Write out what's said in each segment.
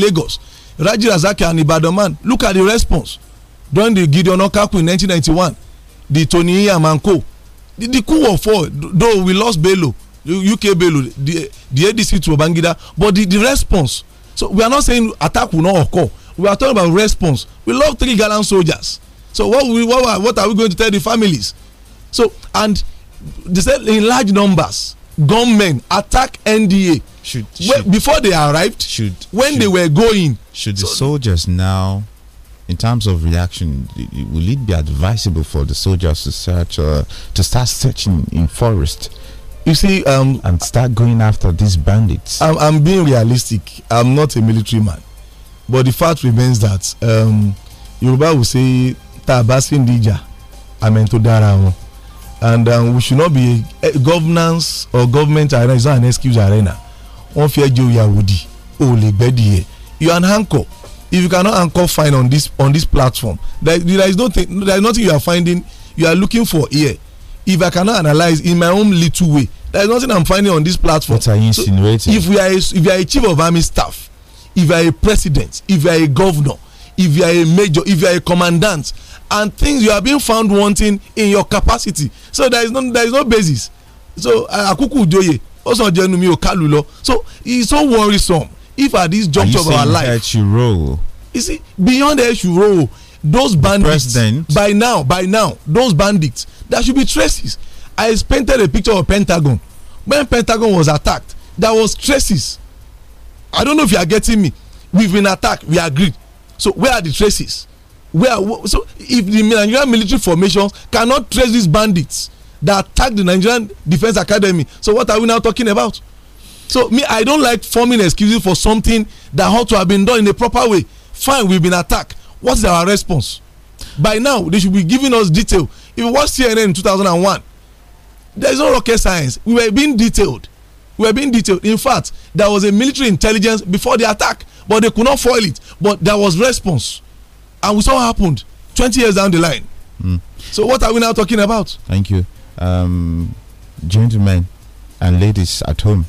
Lagos, Raji Razaki and Ibadan man, look at the response during the Gideon Okaku in 1991, the Tony Iyam The, the coup of four, though we lost Belo, UK Belo, the, the ADC to Bangida, but the, the response. So we are not saying attack will not occur. We are talking about response. We love three gallant soldiers. So what, we, what, what are we going to tell the families? So, and they said in large numbers, gunmen attack NDA should, should when, before they arrived should when should, they were going should the so, soldiers now in terms of reaction will it be advisable for the soldiers to search uh, to start searching in forest you see um, and start going after these bandits I'm, I'm, being realistic i'm not a military man but the fact remains that um yoruba will say tabasin dija amento dara won and um, we should not be a, a governance or government arena is not an excuse arena wọ́n fẹ́ jẹ́ òyàwòdì o lè gbẹ́dì yẹ you are an anchor if you cannot anchor fine on this on this platform there, there is no thing there is nothing you are finding you are looking for here if I cannot analyse in my own little way there is nothing I am finding on this platform. what are you insinuating? So if you are a if you are a chief of army staff if you are a president if you are a governor if you are a major if you are a commandant and things you are being found wanting in your capacity so there is no there is no basis so akuku ujoye ọsàn jẹnu mi ò kálù lọ so it's so worrisome if at this juncture of our life. you you see beyond eshuro those bandits by now by now those bandits there should be traces i painted a picture of pentagon when pentagon was attacked there was traces i don't know if you are getting me we've been attacked we agreed so where are the traces where so if the nigerian military formations cannot trace these bandits that attacked the Nigerian Defence Academy. So what are we now talking about? So me, I don't like forming excuses for something that ought to have been done in a proper way. Fine, we've been attacked. What's our response? By now, they should be giving us detail. If you watch CNN in 2001, there is no rocket science. We were being detailed. We were being detailed. In fact, there was a military intelligence before the attack, but they could not foil it. But there was response, and we saw what happened 20 years down the line. Mm. So what are we now talking about? Thank you um, gentlemen and ladies at home,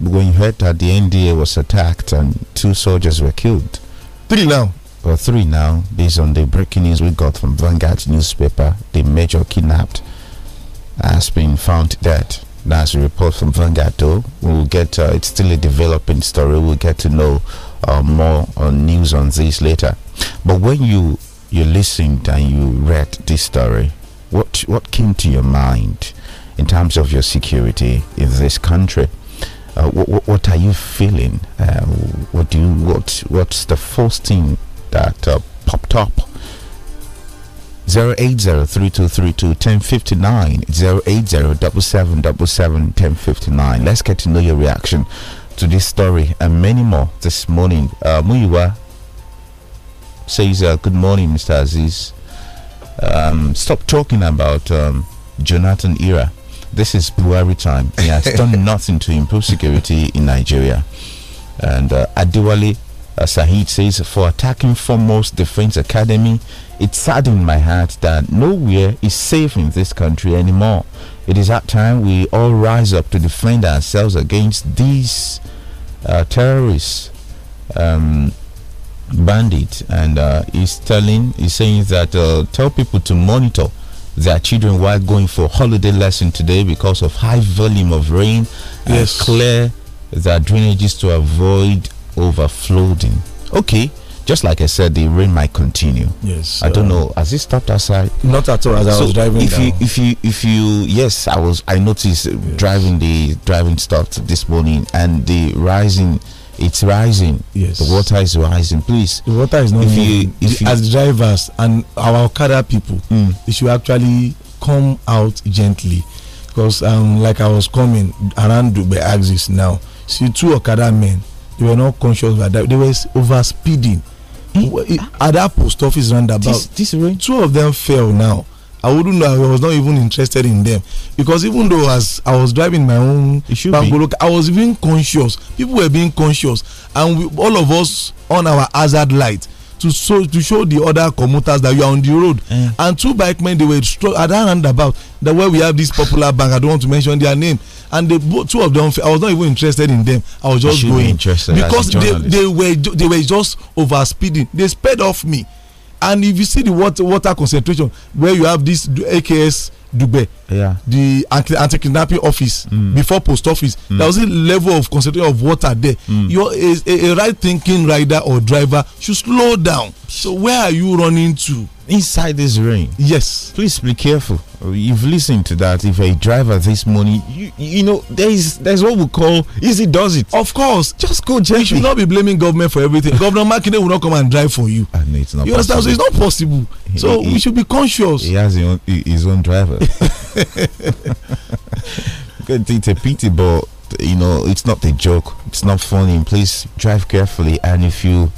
when you heard that the NDA was attacked and two soldiers were killed, three now. or three now, based on the breaking news we got from Vanguard newspaper, the major kidnapped has been found dead. That's a report from Vanguard, though. We'll get, uh, it's still a developing story. We'll get to know uh, more on news on this later. But when you you listened and you read this story, what what came to your mind in terms of your security in this country? Uh, what, what, are you feeling? Uh, what do you what what's the first thing that uh, popped up? 80 1059 Let's get to know your reaction to this story and many more this morning. Uh, Muiwa says, uh, good morning, Mr. Aziz um, stop talking about um, Jonathan era. This is Buhari time. He has done nothing to improve security in Nigeria. And uh, Adewale uh, Sahid says, for attacking foremost Defense Academy, it saddened my heart that nowhere is safe in this country anymore. It is that time we all rise up to defend ourselves against these uh, terrorists. Um, bandit, and uh, he's telling, he's saying that uh, tell people to monitor their children while going for holiday lesson today because of high volume of rain. Yes, clear their drainages to avoid overflowing. Okay just like I said, the rain might continue. Yes. I don't uh, know. Has it stopped outside? Not at all. As so I was driving. If down. you, if you, if you, yes, I was. I noticed yes. driving the driving stopped this morning, and the rising it's rising. Yes. The water is rising. Please. The water is not. If you, if you, as drivers and our Okada people, mm. they should actually come out gently, because um, like I was coming around Dubai axis now, see two Okada men, they were not conscious about that. They were over speeding. Mm. At that post office roundabout, this, this rain? two of them fell now I wouldn't know. I was not even interested in them because even though as I was driving my own Bangolo, I was even conscious. People were being conscious, and we, all of us on our hazard light to show to show the other commuters that you are on the road. Mm. And two bike men they were struck at that roundabout. That where we have this popular bank. I don't want to mention their name. And the two of them, I was not even interested in them. I was just going be because they, they were they were just over speeding. They sped off me and if you see the water, water concentration where you have this aks dube yeah. the anti-kidnapping office mm. before post office mm. there was a level of concentration of water there mm. your a, a, right thinking rider or driver should slow down so where are you running to inside this rain. Yes. Please be careful. You've listened to that. If a driver this morning, you, you know, there is there's what we call easy does it. Of course. Just go gently. You should not be blaming government for everything. Governor Makinde will not come and drive for you. And it's not you understand? So it's not possible. So he, we should be conscious. He has his own, his own driver. it's a pity, but you know, it's not a joke. It's not funny. Please drive carefully and if you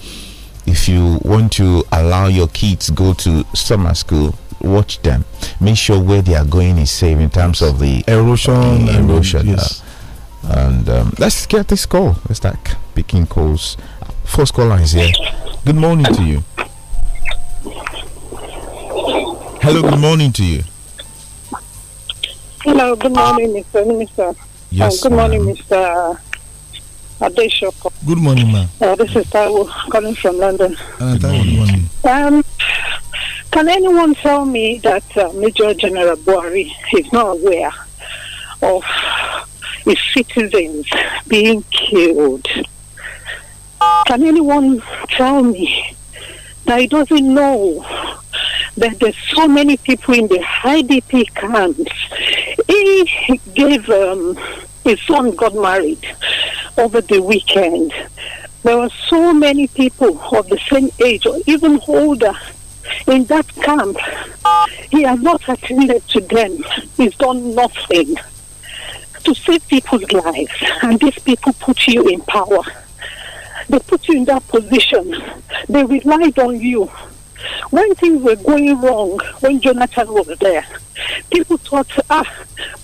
if you want to allow your kids go to summer school watch them make sure where they are going is safe in terms of the erosion uh, erosion yes. uh, and um, let's get this call let's start picking calls first call is here good morning to you hello good morning to you hello good morning mr minister yes uh, good morning mr Adeshoko. Good morning, ma'am. Uh, this is Taiwo calling from London. Uh, good morning. Um, can anyone tell me that uh, Major General Buhari is not aware of his citizens being killed? Can anyone tell me that he doesn't know that there's so many people in the IDP camps? He gave. Um, his son got married over the weekend. There were so many people of the same age or even older in that camp. He has not attended to them. He's done nothing to save people's lives. And these people put you in power. They put you in that position. They relied on you when things were going wrong, when Jonathan was there, people thought, ah,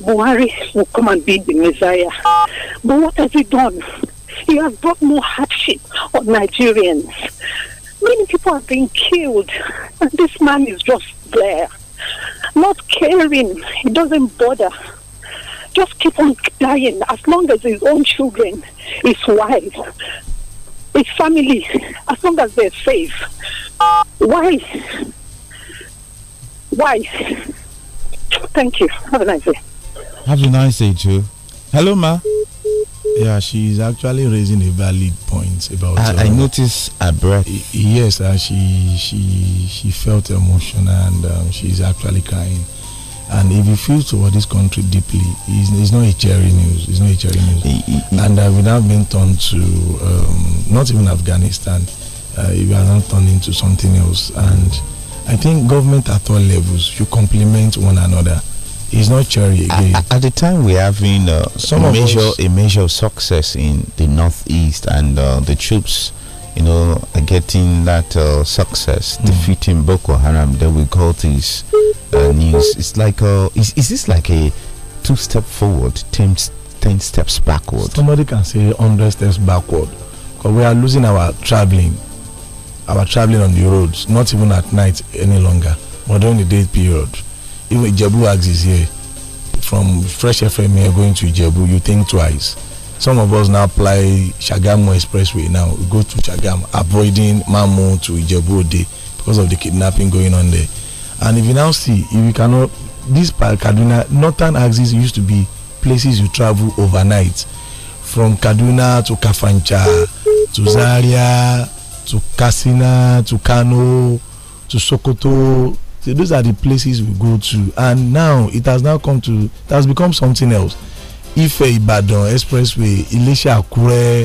Buhari will come and be the Messiah. But what has he done? He has brought more hardship on Nigerians. Many people have been killed, and this man is just there, not caring. He doesn't bother. Just keep on dying as long as his own children, his wife, his family, as long as they're safe. Why? Why? Thank you. Have a nice day. Have a nice day too. Hello, ma. Yeah, she's actually raising a valid point about. I, her, I uh, noticed her breath. Yes, uh, she she she felt emotional and um, she's actually crying. And if you feel toward this country deeply, it's, it's not a cherry news. It's not a cherry news. and I would have been turned to um, not even Afghanistan uh, it has not turned into something else. And I think government at all levels should complement one another. It's not cherry again. At, at the time we're having uh, Some a, measure, a measure of success in the northeast, and uh, the troops, you know, are getting that uh, success, mm. defeating Boko Haram. Then we got this uh, news. It's like, a, uh, is, is this like a two step forward, ten, ten steps backward? Somebody can say hundred steps backward, because we are losing our traveling our traveling on the roads, not even at night any longer, but during the day period. Even Ags is here, from Fresh FM here going to Jebu. you think twice. Some of us now apply Shagamu Expressway now. We go to Shagam, avoiding Mamu to Jebu Day because of the kidnapping going on there. And if you now see, if you cannot, this Kaduna, Northern axis used to be places you travel overnight from Kaduna to Kafancha to Zaria to Katsina, to Kano, to Sokoto. So those are the places we go to. And now it has now come to, it has become something else. Ife Ibadan Expressway, Ilesha Akure,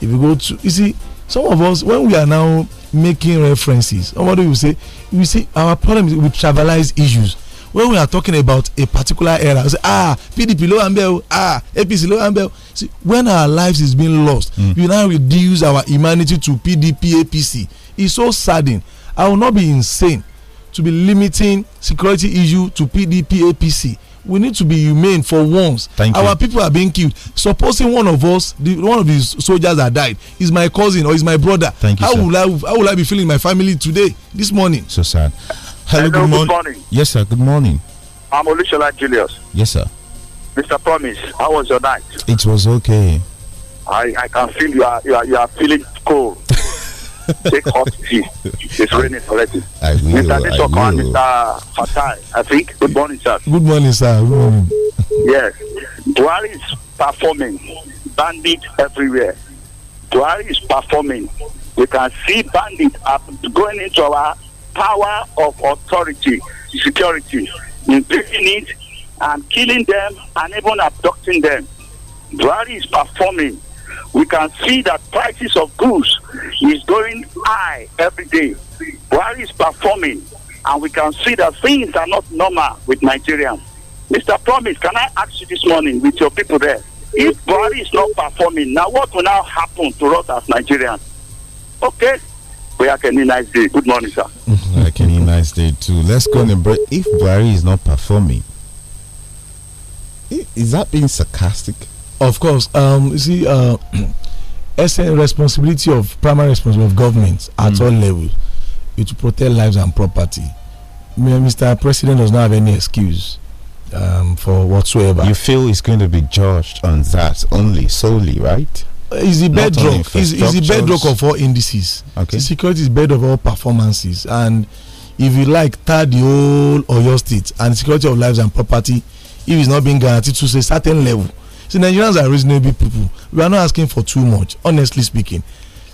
if you go to, you see, some of us, when we are now making references, somebody will say, we see, our problem is we travelize issues when we are talking about a particular era say ah pdp ló wà ah apc ló wà see when our lives is being lost mm. we now reduce our humanity to pdp apc it's so saddening i will not be insane to be limiting security issue to pdp apc we need to be humane for once. Thank our you. people are being killed supposing one of us the, one of the soldiers that died is my cousin or is my brother. thank you how sir. will i how will i be feeling my family today this morning. so sad. Hello, Hello good, good, morning. Yes, sir. Good morning. I'm Olushola Julius. Yes, sir. Mr. Promise, how was your night? It was okay. I, I can feel you are, you are, you are feeling cold. Take hot tea. It's raining already. I will. Mr. Nitoka Mr. Fatai, I think. Good morning, sir. Good morning, sir. Good morning. yes. Duari is performing. Bandit everywhere. Duari is performing. We can see bandits going into our power of authority, security, imprisoning it and killing them and even abducting them. Buhari is performing. We can see that prices of goods is going high every day. Buhari is performing, and we can see that things are not normal with Nigerians. Mr. Promise, can I ask you this morning with your people there? If Buhari is not performing, now what will now happen to us as Nigerians? Okay, we are Kenny, nice day. Good morning, sir. yeah, mm-hmm. Kenny, nice day too. Let's go on a break. If Buhari is not performing, is that being sarcastic? Of course. Um, see, uh, it's a responsibility of primary responsibility of government at mm. all levels is to protect lives and property. Mr. President does not have any excuse. Um, for whatsoever. You feel he's going to be judged on that only, solely, right? is the bedrock is, is the bedrock of all indices okay security is bed of all performances and if you like third the whole oyo state and security of lives and property if it's not being guaranteed to a certain level see nigerians are reasonable people we are not asking for too much honestly speaking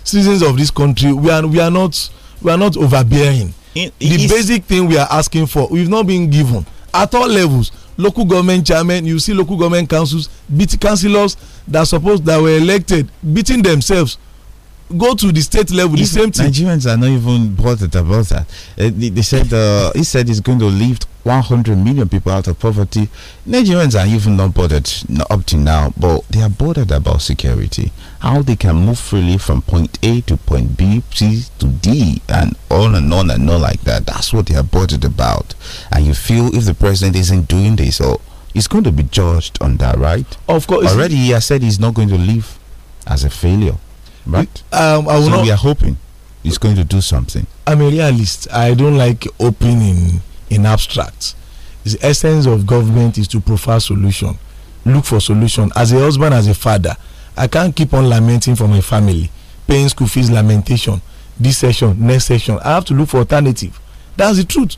citizens of this country we are we are not we are not overbearing the basic thing we are asking for we've not been given at all levels local government chairman, you see local government councils beat councillors that suppose that were elected beating themselves go to the state level the same thing. Nigerians are not even bothered about that. Uh, they, they, said uh, he said he's going to lift 100 million people out of poverty. Nigerians are even not bothered not up to now, but they are bothered about security, how they can move freely from point A to point B, C to D, and on and on and on like that. That's what they are bothered about. And you feel if the president isn't doing this or he's going to be judged on that, right? Of course. Already he has said he's not going to leave as a failure. Right? Um, I will so not, we are hoping he's going to do something. I'm a realist. I don't like opening in, in abstract. The essence of government is to provide solution. Look for solution. As a husband, as a father, I can't keep on lamenting for my family, paying school fees, lamentation. This session, next session. I have to look for alternative. That's the truth.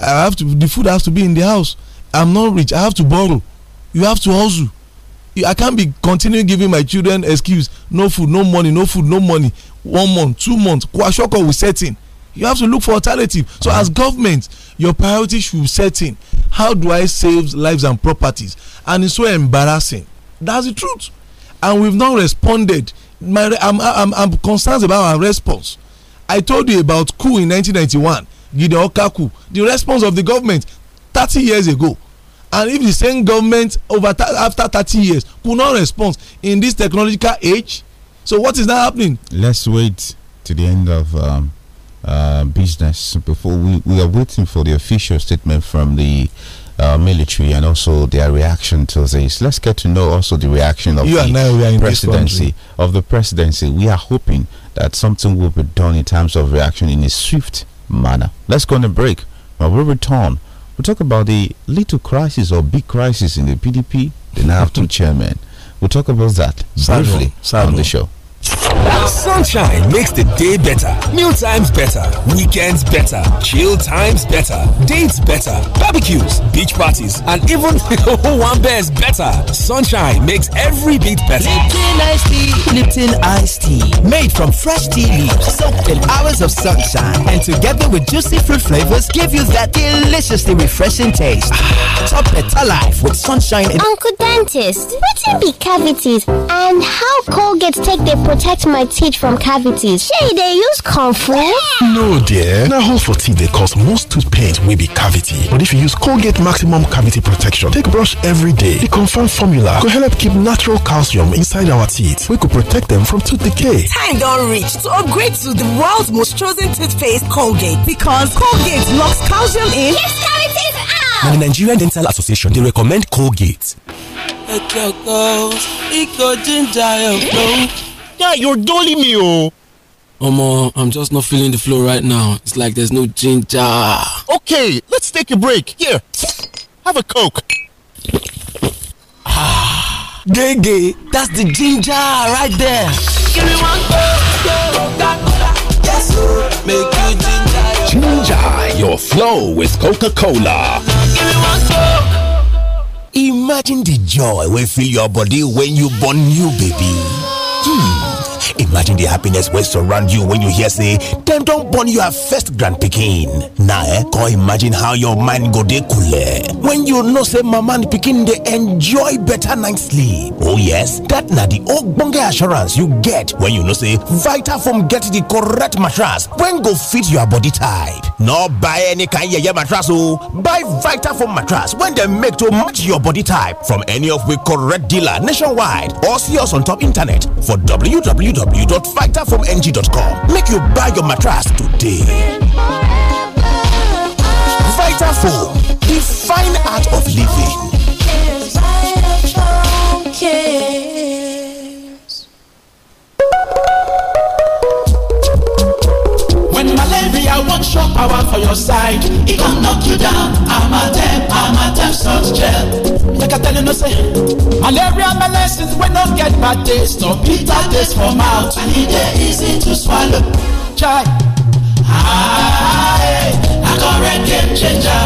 I have to. The food has to be in the house. I'm not rich. I have to borrow. You have to hustle. I can't be continuing giving my children excuse no food, no money, no food, no money. One month, two months, kwashoko will set in. You have to look for alternative. So uh -huh. as government, your priority should set in. How do I save lives and properties? And it's so embarrassing. That's the truth. And we've not responded. My, I'm, I'm, I'm concerned about our response. I told you about coup in 1991, Gideon Okaku, the response of the government 30 years ago and if the same government over after thirty years could not respond in this technological age so what is now happening. let's wait to the end of um, uh, business before we we are waiting for the official statement from the. Uh, military and also their reaction to this. Let's get to know also the reaction of you the presidency of the presidency. We are hoping that something will be done in terms of reaction in a swift manner. Let's go on a break. When we return, we talk about the little crisis or big crisis in the PDP. They now have two chairmen. We'll talk about that briefly on the show. Sunshine makes the day better, meal times better, weekends better, chill times better, dates better, barbecues, beach parties, and even one bears better. Sunshine makes every bit better. Lipton iced tea, Lipton iced tea, made from fresh tea leaves, soaked in hours of sunshine, and together with juicy fruit flavors, give you that deliciously refreshing taste. Ah, top better life with sunshine. Uncle dentist, what can be cavities, and how Colgate take the protect my teeth from cavities shey they use comfort? no dear Now, hole for teeth they cause most tooth pains will be cavity but if you use colgate maximum cavity protection take brush every day the confirmed formula go help keep natural calcium inside our teeth We could protect them from tooth decay time don't reach to upgrade to the world's most chosen toothpaste colgate because colgate locks calcium in keeps cavities out! and the nigerian dental association they recommend colgate Guy, you're dolly me, oh. Omo, I'm just not feeling the flow right now. It's like there's no ginger. Okay, let's take a break. Here, have a Coke. Ah, Gege, that's the ginger right there. Give me one Coke, yes, make you ginger. Ginger your flow with Coca-Cola. Give me one Coke. Imagine the joy will fill your body when you born new baby. Hmm. Imagine the happiness wey surround you when you hear say don't born your first grand picking." Now, eh, come imagine how your mind go dey when you know say mama and pikin they enjoy better night sleep. Oh yes, that na the old bungee assurance you get when you know say "Vitaform get the correct mattress when go fit your body type. No buy any kind of your mattress oh? buy Vitaform mattress when they make to match your body type from any of we correct dealer nationwide or see us on top internet for www www.vitafromng.com. Make you buy your mattress today. Vitafoam, the fine art of living. I wan show power for your side. It can knock you down, I'm I'm a a amatem salt gel. Like I tell you no say, malaria medicine wey no get bad taste or bitter taste for mouth and e dey easy to swallow. Chai. Ah, correct game changer.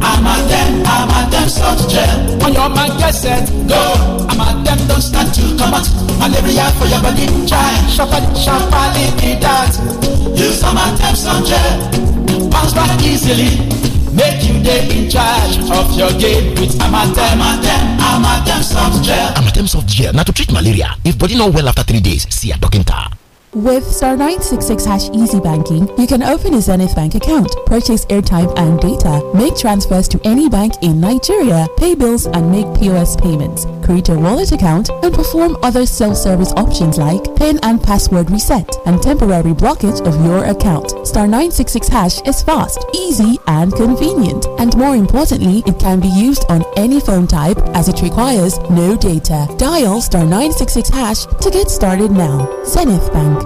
Amatem, Amatem salt gel. On your mind, get set, go. I'm Amatem don't start to come out. Malaria for your body, try. Shuffle, shuffle, be that. Use Amatem salt gel. Bounce back easily. Make you day in charge of your game with Amatem, Amatem, Amatem soft gel. Amatem soft gel. Now to treat malaria. If body not well after three days, see a doctor. With star 966 hash easy banking, you can open a Zenith Bank account, purchase airtime and data, make transfers to any bank in Nigeria, pay bills and make POS payments, create a wallet account, and perform other self-service options like PIN and password reset and temporary blockage of your account. Star 966 hash is fast, easy, and convenient. And more importantly, it can be used on any phone type as it requires no data. Dial star 966 hash to get started now. Zenith Bank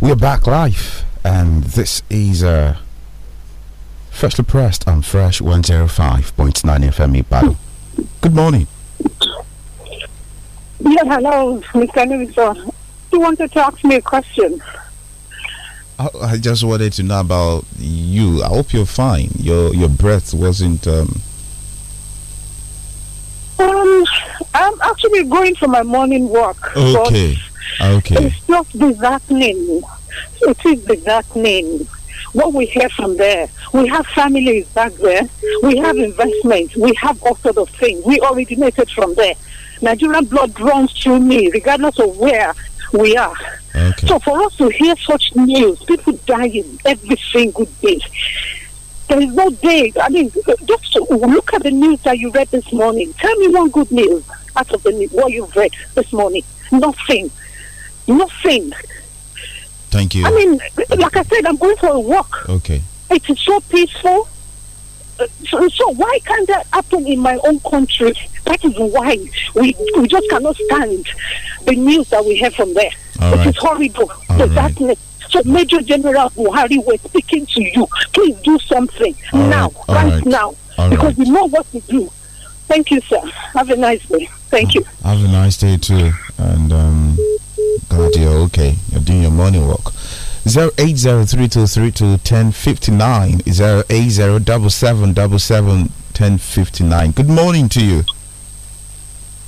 We're back live, and this is uh, freshly pressed and fresh 105.9 FM battle. Good morning. Yeah, hello, Mr. Nivison. You wanted to ask me a question. I, I just wanted to know about you. I hope you're fine. Your your breath wasn't. Um, um I'm actually going for my morning walk. Okay. Okay. It's just disheartening. It is disheartening. What we hear from there, we have families back there, we have investments, we have all sort of things. We originated from there. Nigerian blood runs through me, regardless of where we are. Okay. So for us to hear such news, people dying every single day. There is no day. I mean, just look at the news that you read this morning. Tell me one good news out of the what you've read this morning. Nothing. Nothing. Thank you. I mean, like I said, I'm going for a walk. Okay. It is so peaceful. Uh, so, so, why can't that happen in my own country? That is why we we just cannot stand the news that we have from there. All it right. is horrible. the right. darkness. So Major General Buhari, we're speaking to you. Please do something All now, right, right now, because we know what to do. Thank you, sir. Have a nice day. Thank you. Have a nice day too, and. Um God, you're okay. You're doing your morning walk. 08032321059 08077771059. Good morning to you.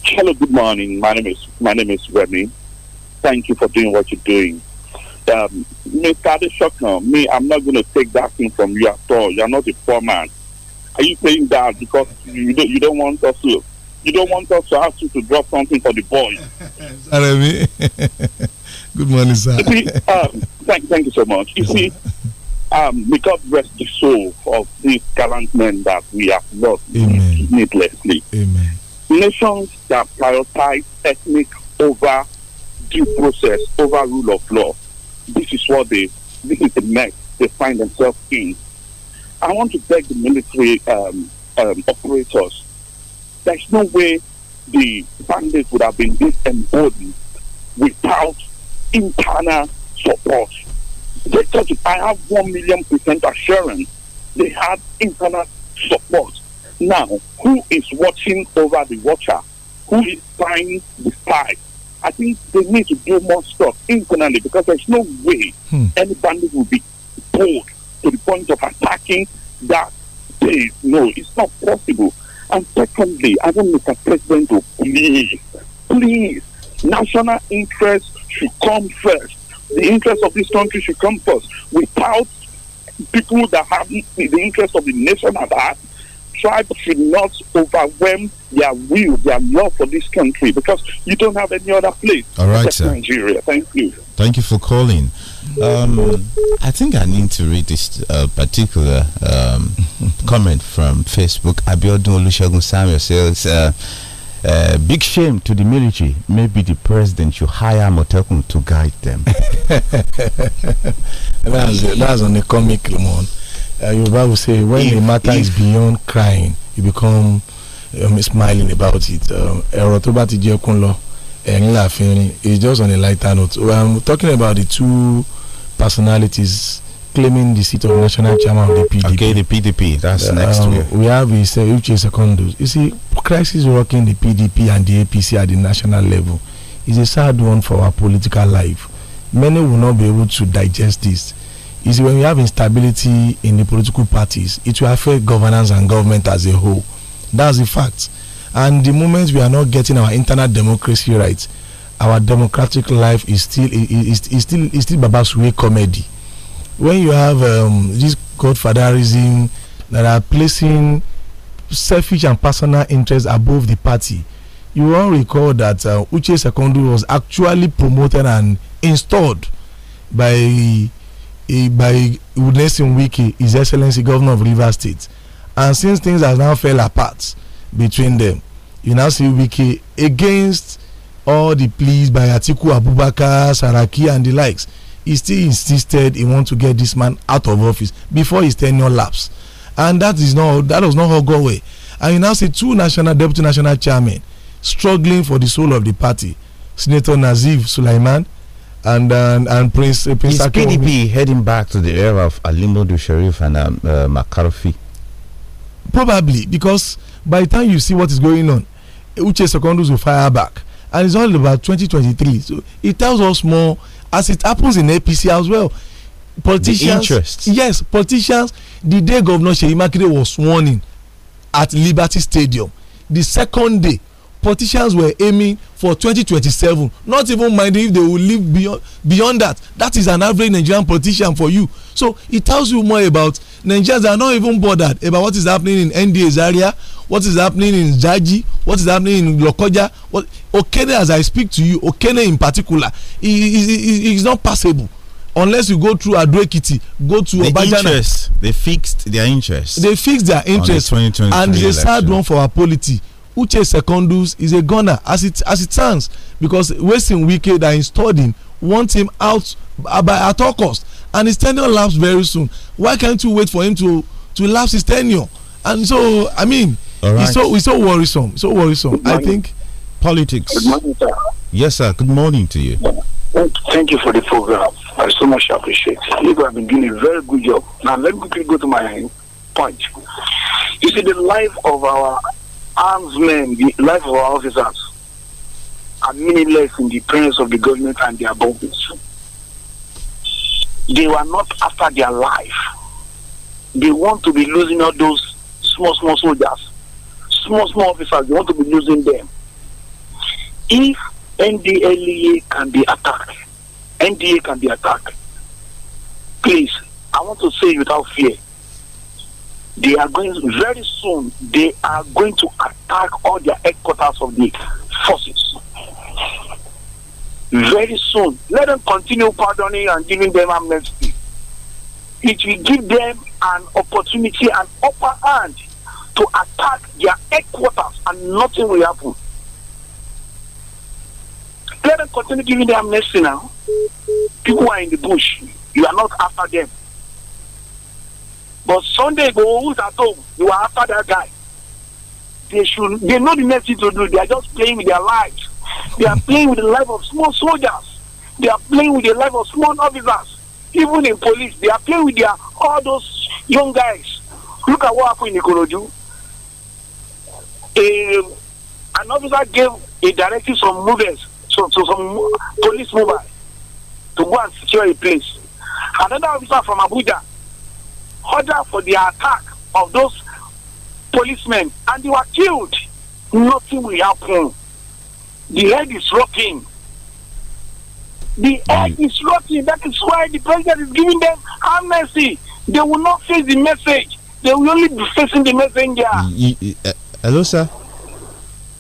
Hello, good morning. My name is my name is Remy. Thank you for doing what you're doing. Um, Mr. Adeshokan, me, I'm not going to take that thing from you at all. You're not a poor man. Are you saying that because you don't, you don't want us to you don't want us to ask you to drop something for the boys. Sorry, Good morning, sir. See, um, thank, thank you so much. You see, um, may God rest the soul of these gallant men that we have lost Amen. needlessly. Amen. Nations that prioritize ethnic over due process, over rule of law, this is what they, this is the mess they find themselves in. I want to beg the military um, um, operators there's no way the bandits would have been this emboldened without internal support. Because I have one million percent assurance they had internal support. Now, who is watching over the watcher? Who is spying the spy? I think they need to do more stuff internally because there's no way hmm. any bandit will be bold to the point of attacking that place. No, it's not possible. And secondly, I want Mr. President to please, please, national interest should come first. The interest of this country should come first. Without people that have the interest of the nation at heart, tribe should not overwhelm their will, their love for this country because you don't have any other place All right, sir. Nigeria. Thank you. Thank you for calling. Um, I think I need to read this uh, particular um, comment from Facebook. Abiodun Olusegun Samuel says, uh, uh, big shame to the military. Maybe the president should hire Motekun to guide them. that's, that's on the comic one. Uh, Yoruba will say, when if, the matter if, is beyond crying, you become um, smiling about it. Um, ẹ̀rọ tó bá ti jẹ́ kún it's just on a lighter note. Well, I'm talking about the two personalities claiming the seat of national chairman of the PDP. Okay, the PDP. That's uh, next um, week. We have a Uche Secondo. You see, crisis working the PDP and the APC at the national level is a sad one for our political life. Many will not be able to digest this. You see, when we have instability in the political parties, it will affect governance and government as a whole. That's the fact. And the moment we are not getting our internal democracy right, our democratic life is still is, is still is still way comedy. When you have um, this godfatherism that are placing selfish and personal interests above the party, you all recall that uh, Uche Sekondu was actually promoted and installed by eh, by Udnesin Wiki, His Excellency Governor of River State, and since things have now fell apart between them, you now see Wiki against all the pleas by Atiku Abubakar, Saraki, and the likes, he still insisted he wants to get this man out of office before his tenure laps, And that is not that was not how go away. And you now see two national deputy national chairmen struggling for the soul of the party, Senator Nazif Sulaiman and and, and Prince uh, Prince Is PDP heading back to the era of Alimodu Sharif and um, uh, McCarthy? Probably because by the time you see what is going on, Uche Sekondus will fire back and it's all about 2023 so it tells us more as it happens in apc as well politicians yes politicians the day governor seyi makinde was sworn in at liberty stadium the second day politicians were aiming for 2027 not even minding if they will live beyond beyond that that is an average nigerian politician for you so it tells you more about nigerians are not even bothered about what is happening in nda's area what is happening in jaji what is happening in lokoja what okene as i speak to you okene in particular is is is not passable unless you go through adoekiti go to the interest, they fixed their interest they fixed their interest the and it's a sad one for our polity uche secondus is a gunner as it as it stands because wasting wicked are installed wants want him out by at all cost and his tenure lapse very soon why can't you wait for him to to lapse his tenure and so i mean right. it's so it's so worrisome so worrisome i think politics good morning sir yes sir good morning to you thank you for the program i so much appreciate you have been doing a very good job now let me quickly go to my point you see the life of our arms men, the life of our officers, are meaningless in the presence of the government and their bodies. They were not after their life. They want to be losing all those small, small soldiers, small, small officers. They want to be losing them. If NDLEA can be attacked, NDA can be attacked, please, I want to say without fear they are going very soon they are going to attack all their headquarters of the forces very soon let them continue pardoning and giving them amnesty it will give them an opportunity an upper hand to attack their headquarters and nothing will happen let them continue giving them amnesty now people are in the bush you are not after them but Sunday go who's at home, you are after that guy. They should they know the next thing to do. They are just playing with their lives. They are playing with the life of small soldiers. They are playing with the life of small officers. Even in police, they are playing with their all those young guys. Look at what happened in Ikorodu. A, um, an officer gave a directive some movers, so, some police movers to go and secure a place. Another officer from Abuja order for the attack of those policemen and they were killed. Nothing will happen. The head is rotting. The head hmm. is rotting. That is why the president is giving them amnesty. They will not face the message. They will only be facing the messenger. Eh, hello, sir.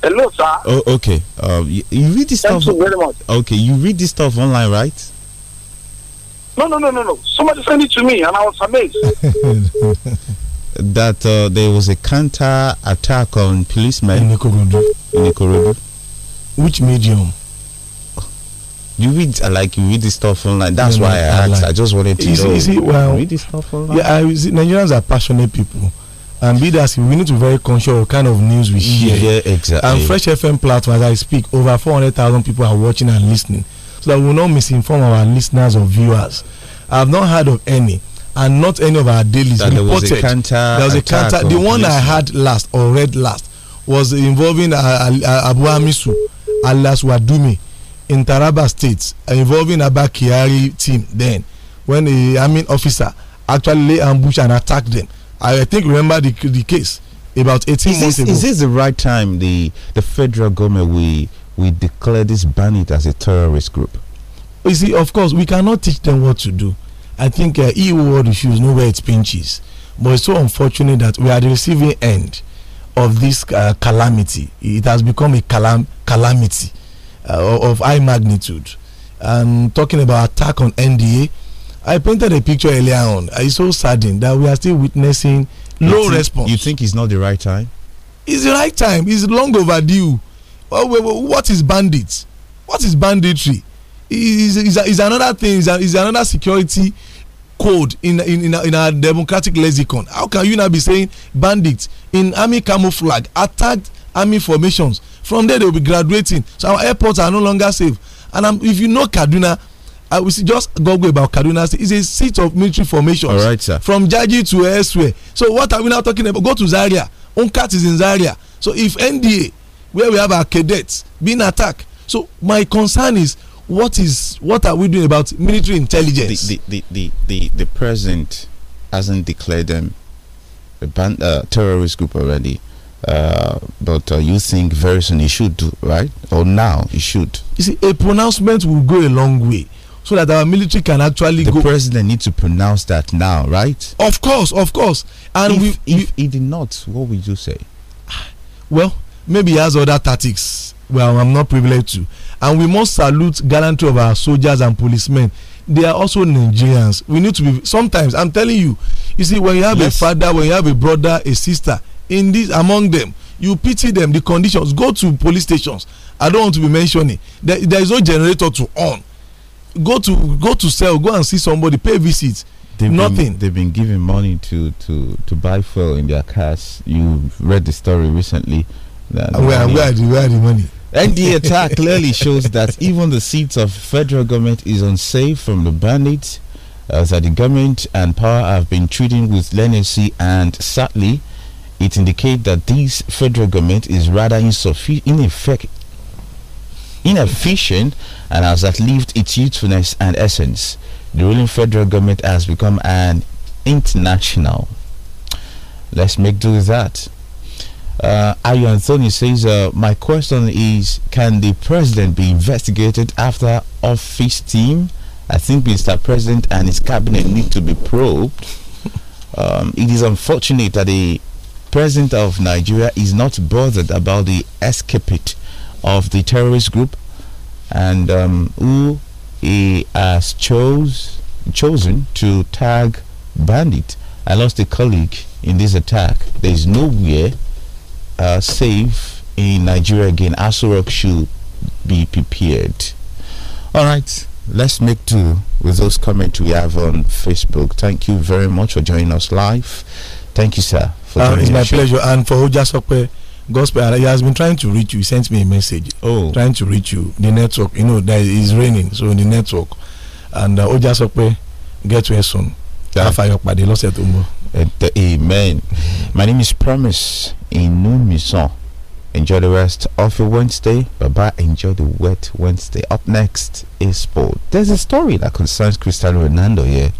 Hello, sir. Oh, okay. Um, you, you read this Thank stuff. Thank you very much. Okay, you read this stuff online, right? No, no, no, no, no. Somebody sent it to me, and I was amazed. that uh, there was a counter attack on policemen in Ikorodu. In Ikorodu. Which medium? You read like you read this stuff online. That's no, why I, I asked. Like. I just wanted to is, know. Is it, well, read this stuff online. Yeah, I, see, Nigerians are passionate people and be that we need to be very conscious of kind of news we hear. Yeah, exactly. And Fresh FM platform, as I speak, over 400,000 people are watching and listening so that we will not misinform our listeners or viewers. I have not heard of any, and not any of our dailies that reported. There was a counter. There was a counter. The one I had last or read last was involving uh, uh, uh Abu Hamisu Alas Wadumi in Taraba State, involving Abba Kyari team then, when the army officer actually lay ambush and attacked them. I think remember the, the case about 18 is months this, ago. Is this the right time the, the federal government will we declare this bandit as a terrorist group. You see, of course, we cannot teach them what to do. I think uh, EU world issues know where its pinches. But it's so unfortunate that we are the receiving end of this uh, calamity. It has become a calam calamity uh, of high magnitude. And talking about attack on NDA, I painted a picture earlier on. Uh, it's so saddening that we are still witnessing you think, response. You think it's not the right time? It's the right time. It's long overdue what is bandits? What is banditry? Is is is another thing? Is is another security code in in in a, in democratic lexicon? How can you now be saying bandits in army camouflage attacked army formations? From there they will be graduating. So our airports are no longer safe. And if you know Kaduna, I will just Google about Kaduna State. It's a seat of military formations. All right, sir. From Jaji to elsewhere. So what are we now talking about? Go to Zaria. UNCAT is in Zaria. So if NDA where we have our cadets being attacked. So my concern is what is what are we doing about military intelligence? The the the the, the president hasn't declared them a band, uh, terrorist group already. Uh, but uh, you think very soon he should do right or now he should. You see, a pronouncement will go a long way so that our military can actually the go. president needs to pronounce that now right of course of course and if, we, if we, he did not what would you say well maybe he has other tactics well i'm not privileged to and we must salute gallantry of our soldiers and policemen they are also nigerians we need to be sometimes i'm telling you you see when you have yes. a father when you have a brother a sister in this among them you pity them the conditions go to police stations i don't want to be mentioning there, there is no generator to on go to go to sell go and see somebody pay visit They've nothing been, they've been giving money to to to buy fuel in their cars you read the story recently that where, where, are the, where are the money? NDA attack clearly shows that even the seats of federal government is unsafe from the bandits uh, that the government and power have been treating with leniency and sadly it indicates that this federal government is rather ineffic inefficient and has outlived its usefulness and essence. The ruling federal government has become an international. Let's make do with that. Uh, Ayu Anthony says, uh, My question is Can the president be investigated after office team? I think Mr. President and his cabinet need to be probed. Um, it is unfortunate that the president of Nigeria is not bothered about the escapade of the terrorist group and um, who he has chose, chosen to tag bandit. I lost a colleague in this attack. There is nowhere uh, safe in Nigeria again, Asorok should be prepared. All right, let's make do with those comments we have on Facebook. Thank you very much for joining us live. Thank you, sir. For uh, it's my show. pleasure. And for Ojasope Gospel, uh, he has been trying to reach you. He sent me a message. Oh, trying to reach you. The network, you know, that is raining, so the network. And uh, Ojasope, get well soon. Uh, amen. My name is Promise in Numison. Enjoy the rest of your Wednesday. Bye bye. Enjoy the wet Wednesday. Up next is sport. There's a story that concerns Cristiano Ronaldo here.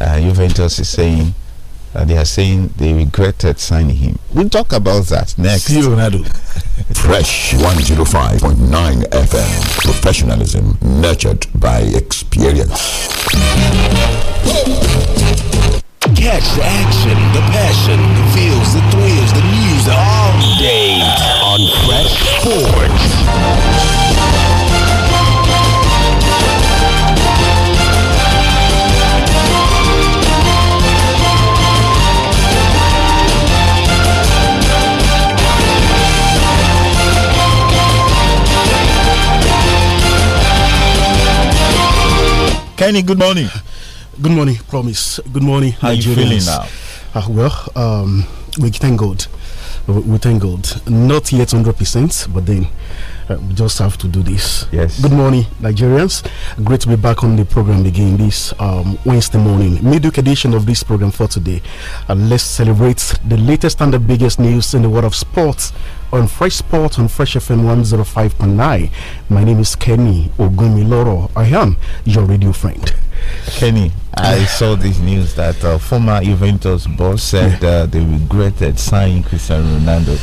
Uh, Juventus is saying uh, they are saying they regretted signing him. We'll talk about that next. See you, Ronaldo. Fresh 105.9 FM. Professionalism nurtured by experience. Catch the action, the passion, the feels, the thrills, the News update on Fresh Sports. Kenny, good morning. Good morning, promise. Good morning, How Nigerians. you feeling now? Uh, well, um, we thank God we thank God. Not yet 100%, but then uh, we just have to do this. Yes. Good morning, Nigerians. Great to be back on the program again this um, Wednesday morning. Midweek edition of this program for today. And uh, let's celebrate the latest and the biggest news in the world of sports on Fresh Sport on Fresh FM 105.9. My name is Kenny Ogumiloro. I am your radio friend. Kenny, I saw this news that uh, former Juventus boss said uh, they regretted signing Cristiano Ronaldo.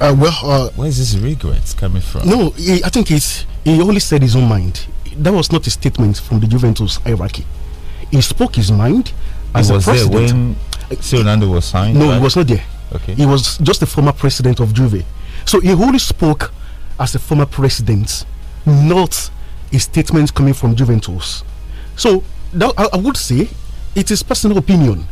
Uh, well, uh, where is this regret coming from? No, he, I think it's he only said his own mind. That was not a statement from the Juventus hierarchy. He spoke his mind as was president. there when Ronaldo was signed? No, right? he was not there. Okay, he was just a former president of Juve. So he only spoke as a former president, not a statement coming from Juventus. So I, I would say it is personal opinion.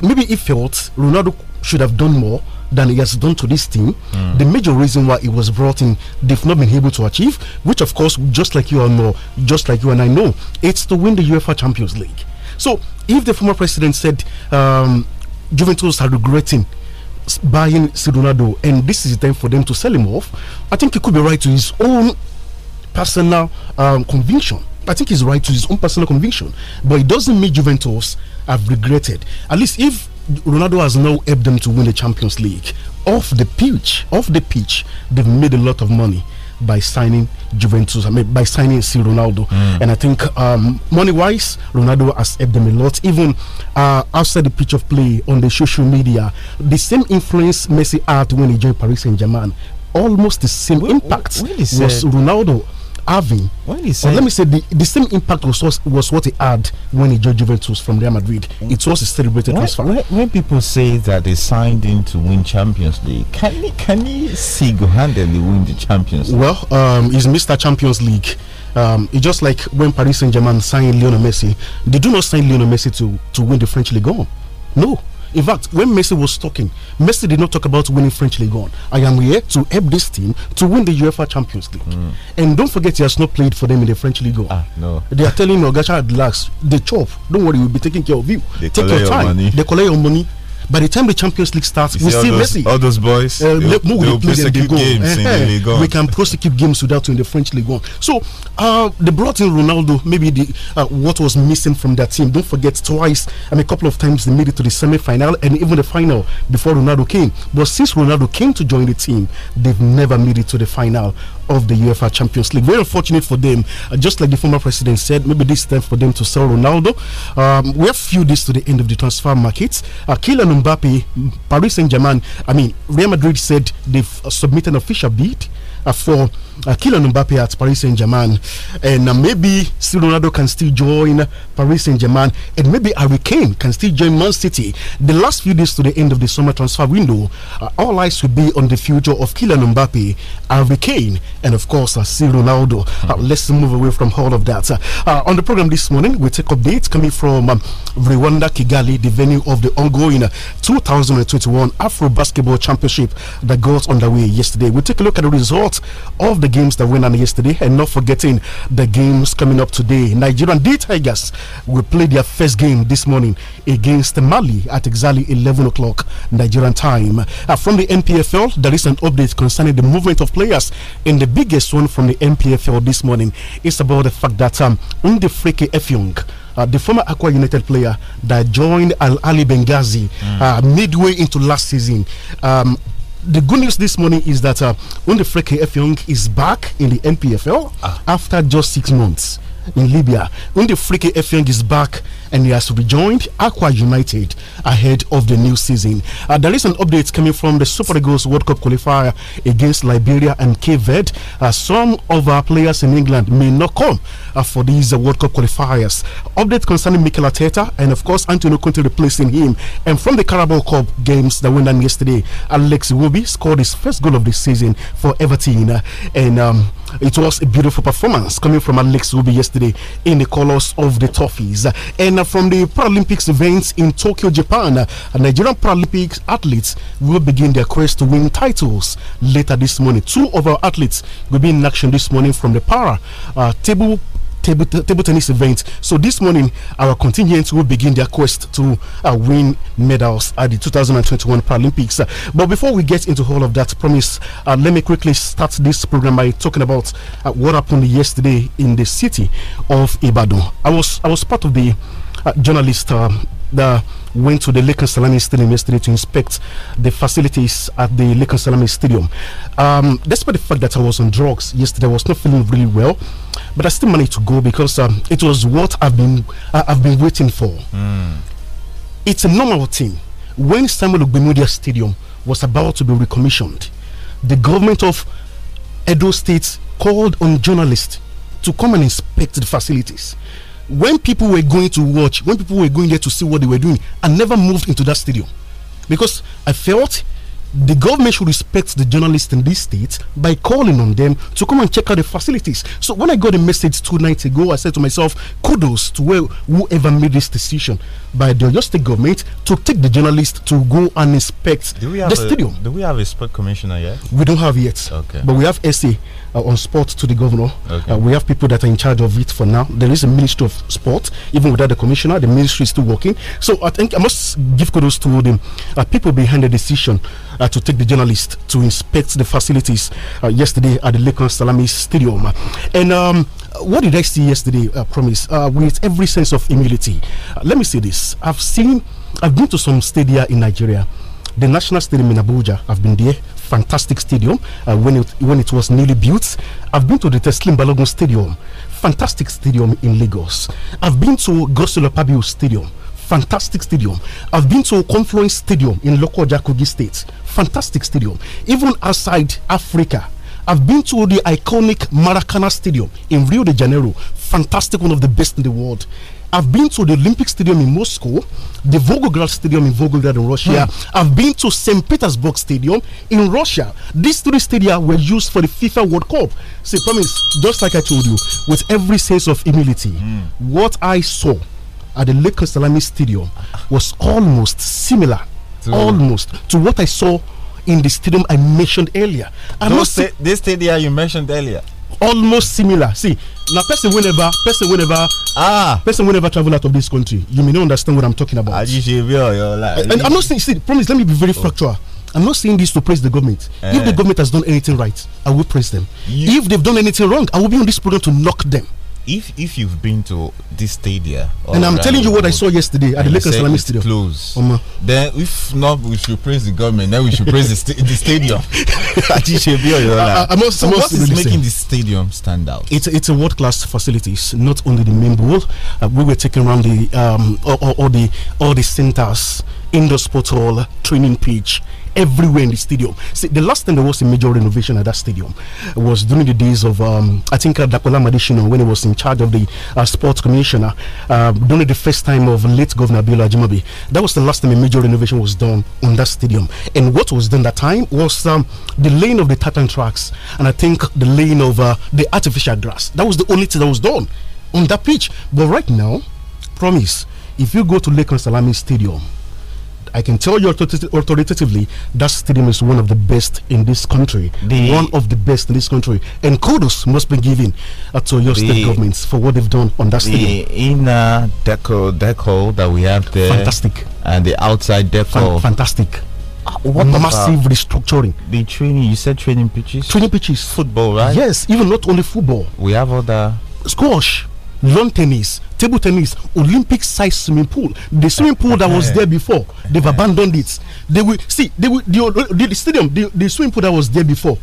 Maybe he felt Ronaldo should have done more than he has done to this team. Mm. The major reason why he was brought in, they've not been able to achieve, which of course, just like you all know, just like you and I know, it's to win the UEFA Champions League. So if the former president said um, Juventus are regretting buying Ronaldo and this is the time for them to sell him off, I think he could be right to his own personal um, conviction. I think he's right to his own personal conviction, but it doesn't make Juventus have regretted. At least if Ronaldo has now helped them to win the Champions League off the pitch, off the pitch, they've made a lot of money by signing Juventus, I mean, by signing C. Ronaldo. Mm. And I think um, money wise, Ronaldo has helped them a lot. Even uh, outside the pitch of play on the social media, the same influence Messi had when he joined Paris Saint Germain, almost the same impact was Ronaldo having, saying, let me say, the, the same impact was, was what he had when he joined Juventus from Real Madrid. Mm. It was a celebrated when, transfer. When, when, people say that they signed in to win Champions League, can he, can he single handedly win the Champions League? Well, um, he's Mr. Champions League. Um, it's just like when Paris Saint Germain signed Lionel Messi, they do not sign Lionel Messi to, to win the French League. No, in fact, when Messi was talking, Messi did not talk about winning French League on. I am here to help this team to win the UEFA Champions League. Mm. And don't forget, he has not played for them in the French League on. Ah, no. They are telling Ogasha, oh, relax, the chop. Don't worry, we'll be taking care of you. They Take your, your time. Money. They collect your money by the time the Champions League starts, we we'll see Messi. All those boys. Uh, eh, they'll, they'll we will play them, Games uh -huh. the we can prosecute games without in the French League One. So uh, they brought in Ronaldo. Maybe the uh, what was missing from that team. Don't forget, twice I mean, a couple of times they made it to the semi-final and even the final before Ronaldo came. But since Ronaldo came to join the team, they've never made it to the final of the UEFA Champions League. Very unfortunate for them. Uh, just like the former president said, maybe this time for them to sell Ronaldo. Um, we have few days to the end of the transfer market. Uh, Kylian Mbappe, Paris Saint Germain, I mean, Real Madrid said they've uh, submitted an official bid uh, for uh, Kylian Mbappe at Paris Saint Germain, and uh, eh, maybe still Ronaldo can still join Paris Saint Germain, and maybe Harry Kane can still join Man City. The last few days to the end of the summer transfer window, uh, all eyes will be on the future of Kylian Mbappe, Harry Kane, and of course, uh, still Ronaldo. Mm. let's move away from all of that. Uh, on the program this morning, we take updates coming from um, Rwanda Kigali, the venue of the ongoing uh, 2021 Afro Basketball Championship that got underway yesterday. We we'll take a look at the results of the games that went on yesterday, and not forgetting the games coming up today. Nigerian D Tigers will play their first game this morning against Mali at exactly 11 o'clock Nigerian time. Uh, from the MPFL, there is an update concerning the movement of players, and the biggest one from the MPFL this morning is about the fact that um, Ndefreke Effiong. Uh, the former Aqua United player that joined Al Ali Benghazi mm. uh, midway into last season. Um, the good news this morning is that uh, Undefreke F. Young is back in the NPFL ah. after just six months in Libya. When the freaky Effiang is back and he has rejoined Aqua United ahead of the new season. Uh, there is an update coming from the Super Eagles World Cup qualifier against Liberia and Cape Verde. Uh, some of our players in England may not come uh, for these uh, World Cup qualifiers. Update concerning Mikel Arteta and, of course, Antonio Conte replacing him. And from the Carabao Cup games that went on yesterday, Alex Iwobi scored his first goal of the season for Everton. Uh, and um, it was a beautiful performance coming from Alex Ubi yesterday in the colors of the Toffees. And from the Paralympics events in Tokyo, Japan, Nigerian Paralympics athletes will begin their quest to win titles later this morning. Two of our athletes will be in action this morning from the para uh, table table, table tennis event. So this morning, our contingent will begin their quest to uh, win medals at the 2021 Paralympics. Uh, but before we get into all of that, promise, uh, let me quickly start this program by talking about uh, what happened yesterday in the city of Ibadan. I was I was part of the uh, journalist um, the went to the Lincoln Salami Stadium yesterday to inspect the facilities at the Lincoln Salami Stadium. Um, despite the fact that I was on drugs yesterday, I was not feeling really well, but I still managed to go because um, it was what I've been uh, I've been waiting for. Mm. It's a normal thing. When Samuel Ogbemudia Stadium was about to be recommissioned, the government of Edo State called on journalists to come and inspect the facilities when people were going to watch, when people were going there to see what they were doing, I never moved into that stadium because I felt the government should respect the journalists in this state by calling on them to come and check out the facilities. So when I got a message two nights ago, I said to myself, kudos to whoever made this decision by the State government to take the journalists to go and inspect the a, stadium. Do we have a sport commissioner yet? We don't have yet. Okay. But we have SA. Uh, on sport to the governor. Okay. Uh, we have people that are in charge of it for now. There is a ministry of sport, even without the commissioner, the ministry is still working. So I think I must give kudos to the uh, people behind the decision to take the journalist to inspect the facilities yesterday at the Lakon Salami Stadium. And um, what did I see yesterday? I promise with every sense of humility. let me say this: I've seen, I've been to some stadia in Nigeria. The national stadium in Abuja, I've been there fantastic stadium uh, when it when it was newly built. I've been to the Teslim Balogun Stadium, fantastic stadium in Lagos. I've been to Gosilo Pabio Stadium, fantastic stadium. I've been to Confluence Stadium in Local Kogi State, fantastic stadium. Even outside Africa, I've been to the iconic Maracana Stadium in Rio de Janeiro, fantastic, one of the best in the world. I've been to the Olympic Stadium in Moscow, the Volgograd Stadium in Volgograd in Russia. Mm. I've been to St. Petersburg Stadium in Russia. These three stadiums were used for the FIFA World Cup. See, promise, just like I told you, with every sense of humility, mm. what I saw at the Lake Salami Stadium was almost similar, to almost to what I saw in the stadium I mentioned earlier. I Those sta this stadium you mentioned earlier, almost similar. See, now person will never person will never ah person will never travel out of this country you may not understand what i'm talking about I, and i'm not saying see promise let me be very oh. factual I'm not saying this to praise the government. If the eh. government has done anything right, I will praise them. You if they've done anything wrong, I will be on this program to knock them if if you've been to this stadium, and I'm telling you what I saw yesterday at the Lakers Salami Stadium, close. Um, then if not, we should praise the government. Then we should praise the, the stadium. I, I what is making the stadium stand out? It's it's a world class facilities. Not only the main bowl, uh, we were taking around the um all, all, all the all the centers. Indoor Sports Hall, training pitch, everywhere in the stadium. See, the last time there was a major renovation at that stadium was during the days of, um, I think, Dakola Madishino, when he was in charge of the uh, sports commissioner, uh, during the first time of late Governor Biola Jimabi. That was the last time a major renovation was done on that stadium. And what was done that time was um, the laying of the tartan tracks and I think the laying of uh, the artificial grass. That was the only thing that was done on that pitch. But right now, promise, if you go to Lake Salami Stadium, I can tell you authoritatively that stadium is one of the best in this country. The one of the best in this country. And kudos must be given uh, to your state governments for what they've done on that stadium. The inner deco, deco that we have there. Fantastic. And the outside deco. Fan fantastic. Uh, what massive restructuring. The training, you said training pitches? Training pitches. Football, right? Yes, even not only football. We have other. Squash lawn tennis, table tennis, Olympic sized swimming pool. The swimming pool that was there before, they've abandoned it. They will see they will, the, the, the stadium, the, the swimming pool that was there before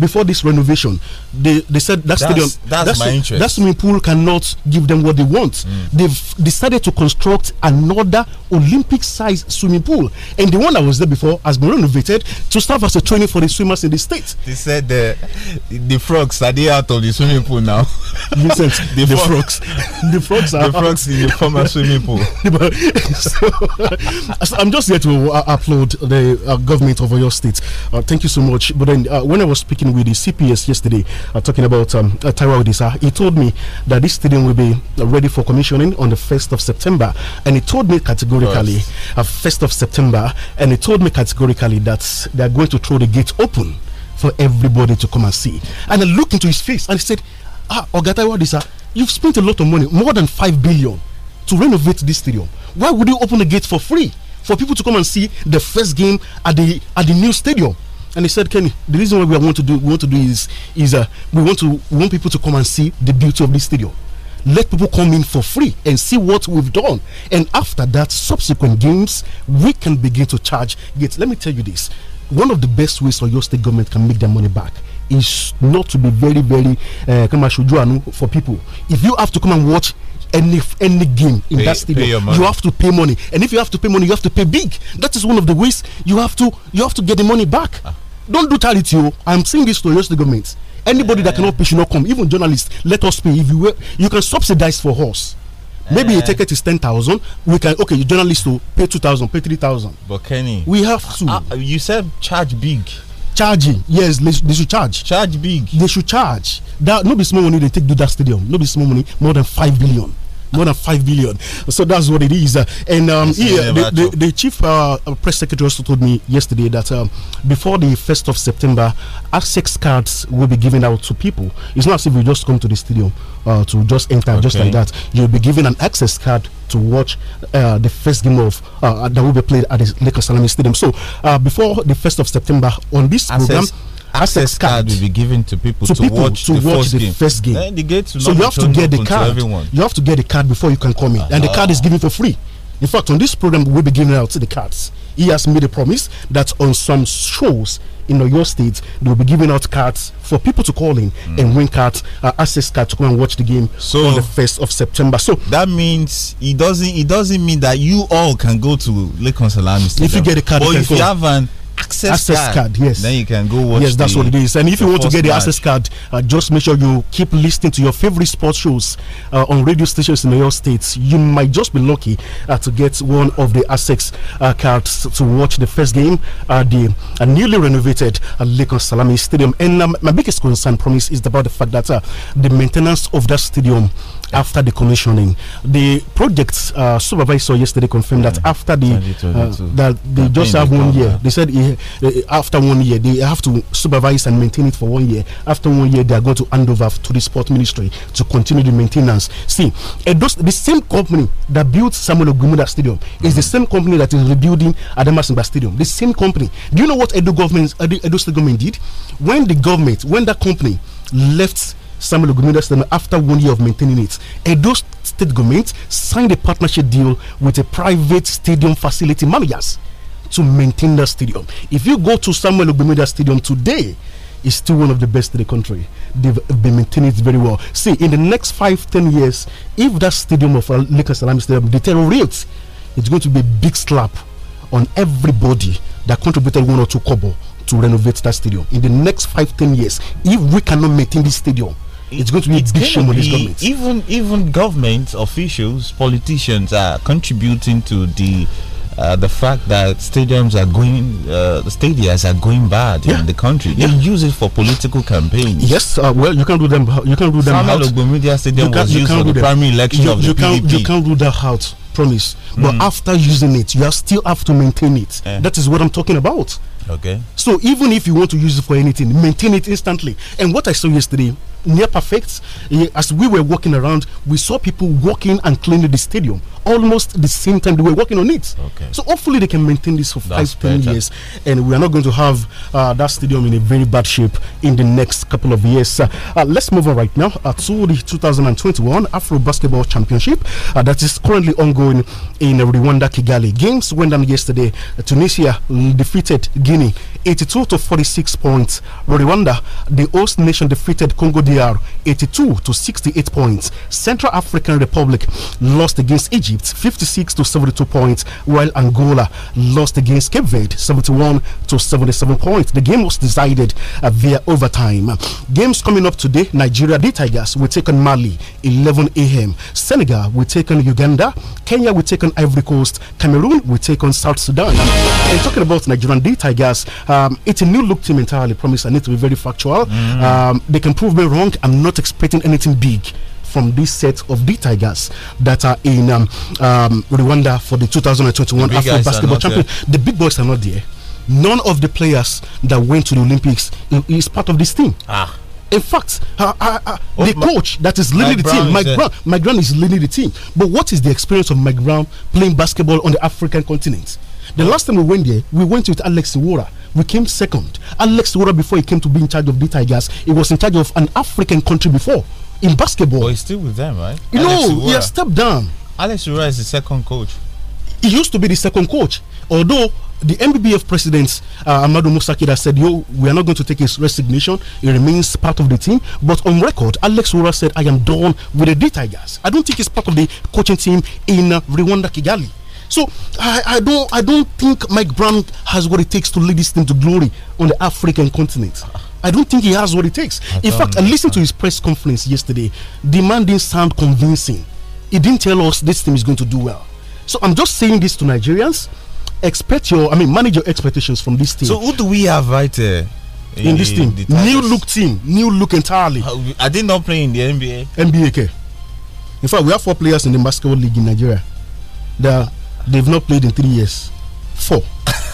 before this renovation, they they said that that's, stadium, that's, that's my interest. That swimming pool cannot give them what they want. Mm. They've decided to construct another Olympic-sized swimming pool, and the one that was there before has been renovated to serve as a training for the swimmers in the state. They said the the frogs are they out of the swimming pool now? Vincent, the, the frogs, the frogs are the frogs in the former swimming pool. so, so I'm just here to uh, applaud the uh, government of your state. Uh, thank you so much. But then uh, when I was speaking with the CPS yesterday, uh, talking about um, uh, Odisa. He told me that this stadium will be ready for commissioning on the 1st of September. And he told me categorically, uh, 1st of September, and he told me categorically that they are going to throw the gate open for everybody to come and see. And I looked into his face and he said, Ah, Ogata you've spent a lot of money, more than 5 billion, to renovate this stadium. Why would you open the gate for free for people to come and see the first game at the, at the new stadium? and he said, Kenny, the reason why we want to do we want to do is is uh, we want to we want people to come and see the beauty of this stadium. Let people come in for free and see what we've done. And after that, subsequent games, we can begin to charge gates. Let me tell you this: one of the best ways for your state government can make their money back is not to be very, very uh, for people. If you have to come and watch any any game in pay, that stadium you have to pay money and if you have to pay money you have to pay big that is one of the ways you have to you have to get the money back ah don't do charity. O. Oh. I'm saying this to the government. Anybody that cannot pay should not come. Even journalists, let us pay. If you were, you can subsidize for us. Maybe a eh. ticket is ten thousand. We can okay. You journalists to oh, pay two thousand, pay three thousand. But Kenny, we have to. Uh, you said charge big. Charging, yes, they, they, should charge. Charge big. They should charge. That no be small money they take do that stadium. No be small money, more than five billion more than five billion. So that's what it is. Uh, and um, the, the, the, chief uh, press secretary also told me yesterday that um, before the first of September, access cards will be given out to people. It's not as if you just come to the stadium uh, to just enter okay. just like that. You'll be given an access card to watch uh, the first game of uh, that will be played at the Lakers Salami Stadium. So uh, before the first of September on this access. program access card, card will be given to people to, to people watch, to the, watch first the game. first game. Then the gate so you have to get the card. You have to get the card before you can come in, uh -huh. and the card is given for free. In fact, on this program, we'll be giving out the cards. He has made a promise that on some shows in your state, they will be giving out cards for people to call in mm. and win cards, uh, access card to come and watch the game so on the first of September. So that means it doesn't it doesn't mean that you all can go to Lake Salami. If you get a card, or if you have an access, access card. card. Yes. Then you can go watch. Yes, that's the, what it is. And if you want to get the access card, uh, just make sure you keep listening to your favorite sports shows uh, on radio stations in your states. You might just be lucky uh, to get one of the access uh, cards to watch the first game at the uh, newly renovated uh, Lagos Salami Stadium. And um, my biggest concern, promise, is about the fact that uh, the maintenance of that stadium after the commissioning. The project uh, supervisor yesterday confirmed yeah. that after the uh, that they that just have one year. They said uh, after one year they have to supervise and maintain it for one year. After one year they are going to hand over to the sport ministry to continue the maintenance. See, eh, those, the same company that built Samuel Ogumuna Stadium mm -hmm. is the mm-hmm. same company that is rebuilding Adamasimba Stadium. The same company. Do you know what Edo government Edo, Edo government did when the government when that company left Samuel Stadium after one year of maintaining it. Edo State Government signed a partnership deal with a private stadium facility, Mamiyas, to maintain the stadium. If you go to Samuel Ogumina Stadium today, it's still one of the best in the country. They've been maintaining it very well. See, in the next five, ten years, if that stadium of Lakers Salami Stadium deteriorates, it's going to be a big slap on everybody that contributed one or two kobo to renovate that stadium in the next five ten years if we cannot maintain this stadium it's going to be a big shame on this government. Even even government officials, politicians are contributing to the uh, the fact that stadiums are going, uh, the stadiums are going bad yeah. in the country. They use it for political campaigns. Yes, uh, well, you can do them. You can do them Samuel out. Stadium you can, was used for the them. primary election you, of the you PDP. Can, you can do that out, promise. But mm. after using it, you still have to maintain it. Yeah. That is what I'm talking about. Okay. So even if you want to use it for anything, maintain it instantly. And what I saw yesterday near perfect. Eh, as we were walking around, we saw people walking and cleaning the stadium almost the same time they were working on it. Okay. So hopefully they can maintain this for That's five, ten better. years, and we are not going to have uh, that stadium in a very bad shape in the next couple of years. Uh, uh, let's move on right now uh, to the 2021 Afro Basketball Championship uh, that is currently ongoing in Rwanda Kigali. Games went down yesterday. Tunisia defeated Guinea 82 to 46 points. Rwanda, the host nation, defeated Congo DR 82 to 68 points. Central African Republic lost against Egypt 56 to 72 points, while Angola lost against Cape Verde 71 to 77 points. The game was decided uh, via overtime. Games coming up today: Nigeria, the Tigers will take on Mali 11 a.m. Senegal will take on Uganda. Kenya will take on Ivory Coast. Cameroon will take on South Sudan. And talking about Nigerian D Tigers, um, it's a new look team entirely. Promise. I need to be very factual. Mm. Um, they can prove me wrong. I'm not expecting anything big from this set of the Tigers that are in um, um, Rwanda for the 2021 African Basketball Champion. The big boys are not there. None of the players that went to the Olympics is part of this team. Ah. In fact, uh, uh, uh, oh, the coach that is leading Mike the team, my Mike Brown, Mike Brown is leading the team. But what is the experience of Mike Brown playing basketball on the African continent? The last time we went there, we went with Alex Wora. We came second. Alex Wora, before he came to be in charge of the Tigers, he was in charge of an African country before in basketball. But he's still with them, right? You no, he has stepped down. Alex Wora is the second coach. He used to be the second coach, although the MBBF president uh, Amadu Musakida said, "Yo, we are not going to take his resignation. He remains part of the team." But on record, Alex Wora said, "I am done with the D Tigers. I don't think he's part of the coaching team in uh, Rwanda Kigali." So I, I don't I don't think Mike Brown has what it takes to lead this team to glory on the African continent. I don't think he has what it takes. I In fact, I listened to his press conference yesterday. The man didn't sound convincing. He didn't tell us this team is going to do well. So I'm just saying this to Nigerians. Expect your, I mean, manage your expectations from this team. So who do we have right there? In, in this team, new look team, new look entirely. I did not play in the NBA. NBA. In fact, we have four players in the basketball league in Nigeria. There they've not played in three years. Four.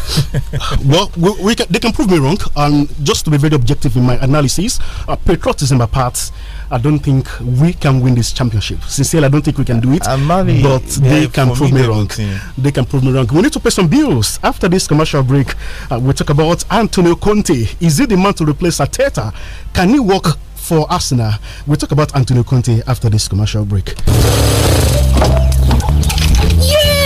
well, we, we can, they can prove me wrong. And just to be very objective in my analysis, uh, patriotism apart, I don't think we can win this championship. Sincerely, I don't think we can do it. Amani, but they yeah, can prove me, me wrong. Team. They can prove me wrong. We need to pay some bills. After this commercial break, uh, we talk about Antonio Conte. Is he the man to replace Ateta? Can he work for Arsenal? We'll talk about Antonio Conte after this commercial break. Yeah!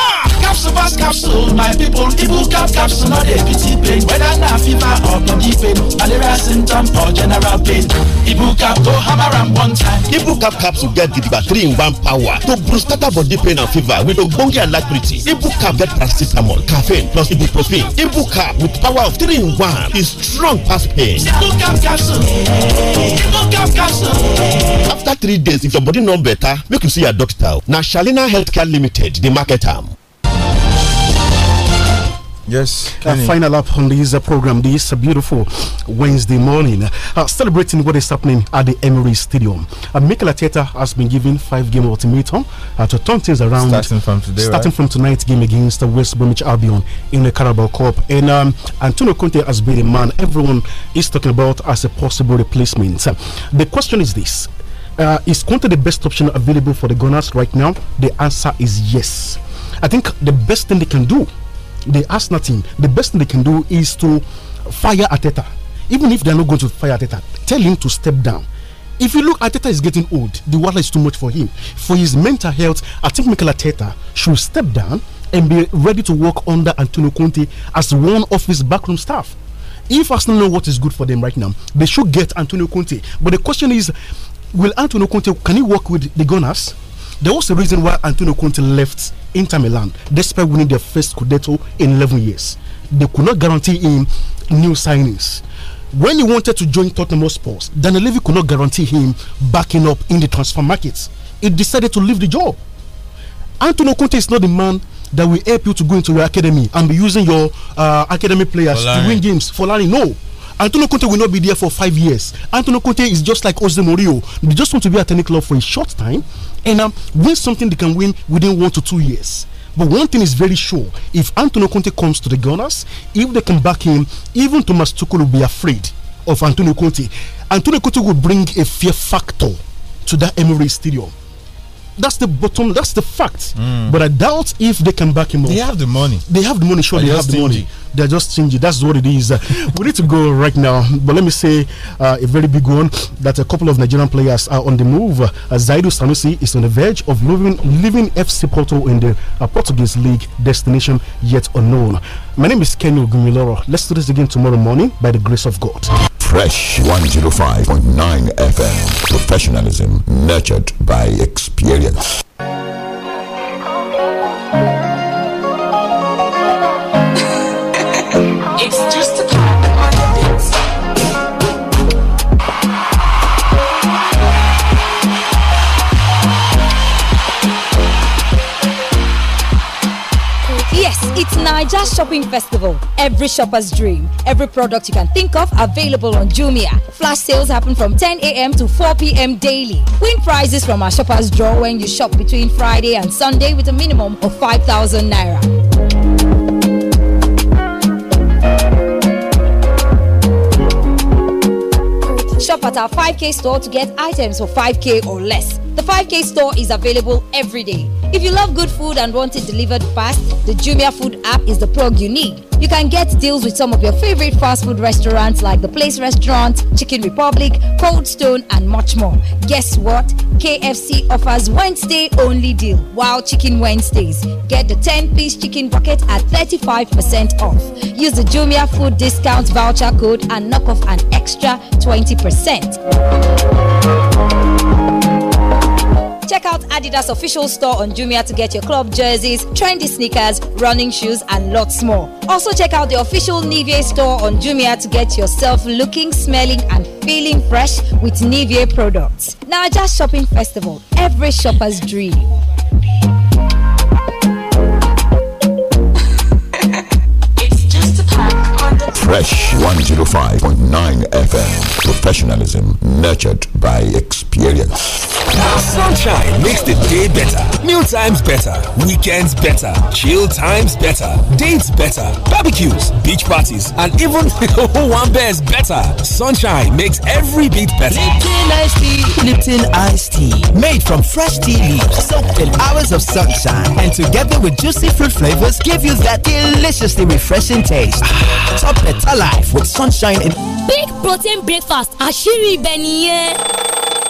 capsule pass capsule my people ibu cap capsule no dey pity pain whether na fever or body pain malaria symptom or general pain ibu go hammer am one time. ibu cap capsule get gidigba three in one power to boost scatter body pain and fever with ogbonge and alacrity. ibu cap get paracetamol caffeine plus ibuprofen. ibu with power of three in one is strong pass pain. ibu capsule ibu capsule. after three days if your body no better make you see your doctor na shalina healthcare limited dey market am. Yes. Uh, final up on this uh, program this uh, beautiful Wednesday morning, uh, celebrating what is happening at the Emery Stadium. Uh, Mikel Arteta has been given five game ultimatum uh, to turn things around. Starting from today, Starting right? from tonight's game against the West Bromwich Albion in the Carabao Cup. And um, Antonio Conte has been a man everyone is talking about as a possible replacement. Uh, the question is this. Uh, is Conte the best option available for the Gunners right now? The answer is yes. I think the best thing they can do they ask nothing. The best thing they can do is to fire Ateta. Even if they're not going to fire Ateta, tell him to step down. If you look, Ateta is getting old. The water is too much for him. For his mental health, I think Michael Ateta should step down and be ready to work under Antonio Conte as one of his backroom staff. If Arsenal know what is good for them right now, they should get Antonio Conte. But the question is, will Antonio Conte can he work with the Gunners? There was a reason why Antonio Conte left Inter Milan, despite winning their first Scudetto in 11 years. They could not guarantee him new signings. When he wanted to join Tottenham Sports, Daniel Levy could not guarantee him backing up in the transfer markets. He decided to leave the job. Antonio Conte is not the man that will help you to go into your academy and be using your uh, academy players to win games. for Folani, no. Antonio Conte will not be there for five years. Antonio Conte is just like Jose Mourinho. They just want to be at any club for a short time and um, win something they can win within one to two years. But one thing is very sure: if Antonio Conte comes to the Gunners, if they can back him, even Thomas Tuchel will be afraid of Antonio Conte. Antonio Conte will bring a fear factor to that Emirates Stadium. That's the bottom. That's the fact. Mm. But I doubt if they can back him up. They have the money. They have the money. Sure, they have the money. They're just stingy. That's what it is. Uh, we need to go right now. But let me say uh, a very big one that a couple of Nigerian players are on the move. Uh, Zaidu Sanusi is on the verge of leaving, leaving FC Porto in the uh, Portuguese league destination yet unknown. My name is Kenny Ogumiloro. Let's do this again tomorrow morning by the grace of God. Fresh 105.9 FM. Professionalism nurtured by experience. It's just a Yes, it's Niger Shopping Festival. Every shopper's dream. Every product you can think of available on Jumia. Flash sales happen from 10 a.m. to 4 p.m. daily. Win prizes from our shoppers draw when you shop between Friday and Sunday with a minimum of 5,000 naira. Shop at our 5K store to get items for 5K or less. The 5K store is available every day. If you love good food and want it delivered fast, the Jumia Food app is the plug you need. You can get deals with some of your favorite fast food restaurants like The Place Restaurant, Chicken Republic, Cold Stone, and much more. Guess what? KFC offers Wednesday only deal, Wow Chicken Wednesdays. Get the 10 piece chicken bucket at 35% off. Use the Jumia Food discount voucher code and knock off an extra 20% percent Check out Adidas official store on Jumia to get your club jerseys, trendy sneakers, running shoes, and lots more. Also, check out the official Nivea store on Jumia to get yourself looking, smelling, and feeling fresh with Nivea products. Now, just Shopping Festival, every shopper's dream. Fresh 105.9 FM. Professionalism nurtured by experience. Now sunshine makes the day better. Meal times better. Weekends better. Chill times better. Dates better. Barbecues, beach parties, and even one bears better. Sunshine makes every bit better. Lipton iced tea. Lipton iced tea. Made from fresh tea leaves soaked in hours of sunshine. And together with juicy fruit flavors, give you that deliciously refreshing taste. Top it better life with sunshine and big protein breakfast àṣírí ibẹ̀ nìyẹn.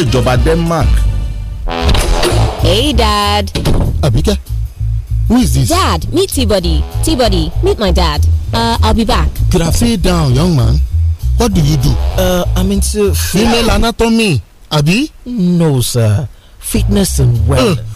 ìjọba Denmark. Hey dad. Abike, who is this? Dad, meet T-Body. T-Body, meet my dad. Uh, I'll be back. Could I sit down, young man? What do you do? Uh, I'm into... Female anatomy, Abi? No, sir. Fitness and uh, wellness. Uh.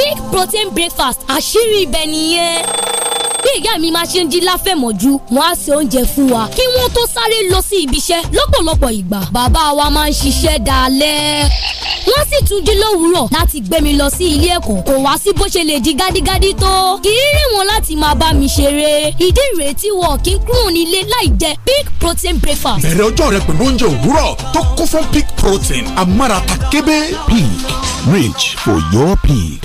big protein breakfast àṣírí ibẹ̀ nìyẹn bí ìyá mi máa ṣe ń jí láfẹ̀mọ́jú wọ́n á ṣe oúnjẹ fún wa kí wọ́n tó sáré lọ sí ibiṣẹ́ lọ́pọ̀lọpọ̀ ìgbà bàbá wa máa ń ṣiṣẹ́ dalẹ́ wọ́n sì tún jí lówùúrọ̀ láti gbé mi lọ sí ilé ẹ̀kọ́ kò wá sí bó ṣe lè di gádígádí tó kì í rí wọn láti máa bá mi ṣeré ìdí ìrètí wọn kì í kúrò nílé láì jẹ big protein breakfast. bẹ̀rẹ̀ ọjọ́ rẹ pẹ̀lú oúnjẹ òwúrọ̀ tó kún fún big protein amárata kébé. pig rich for your pig.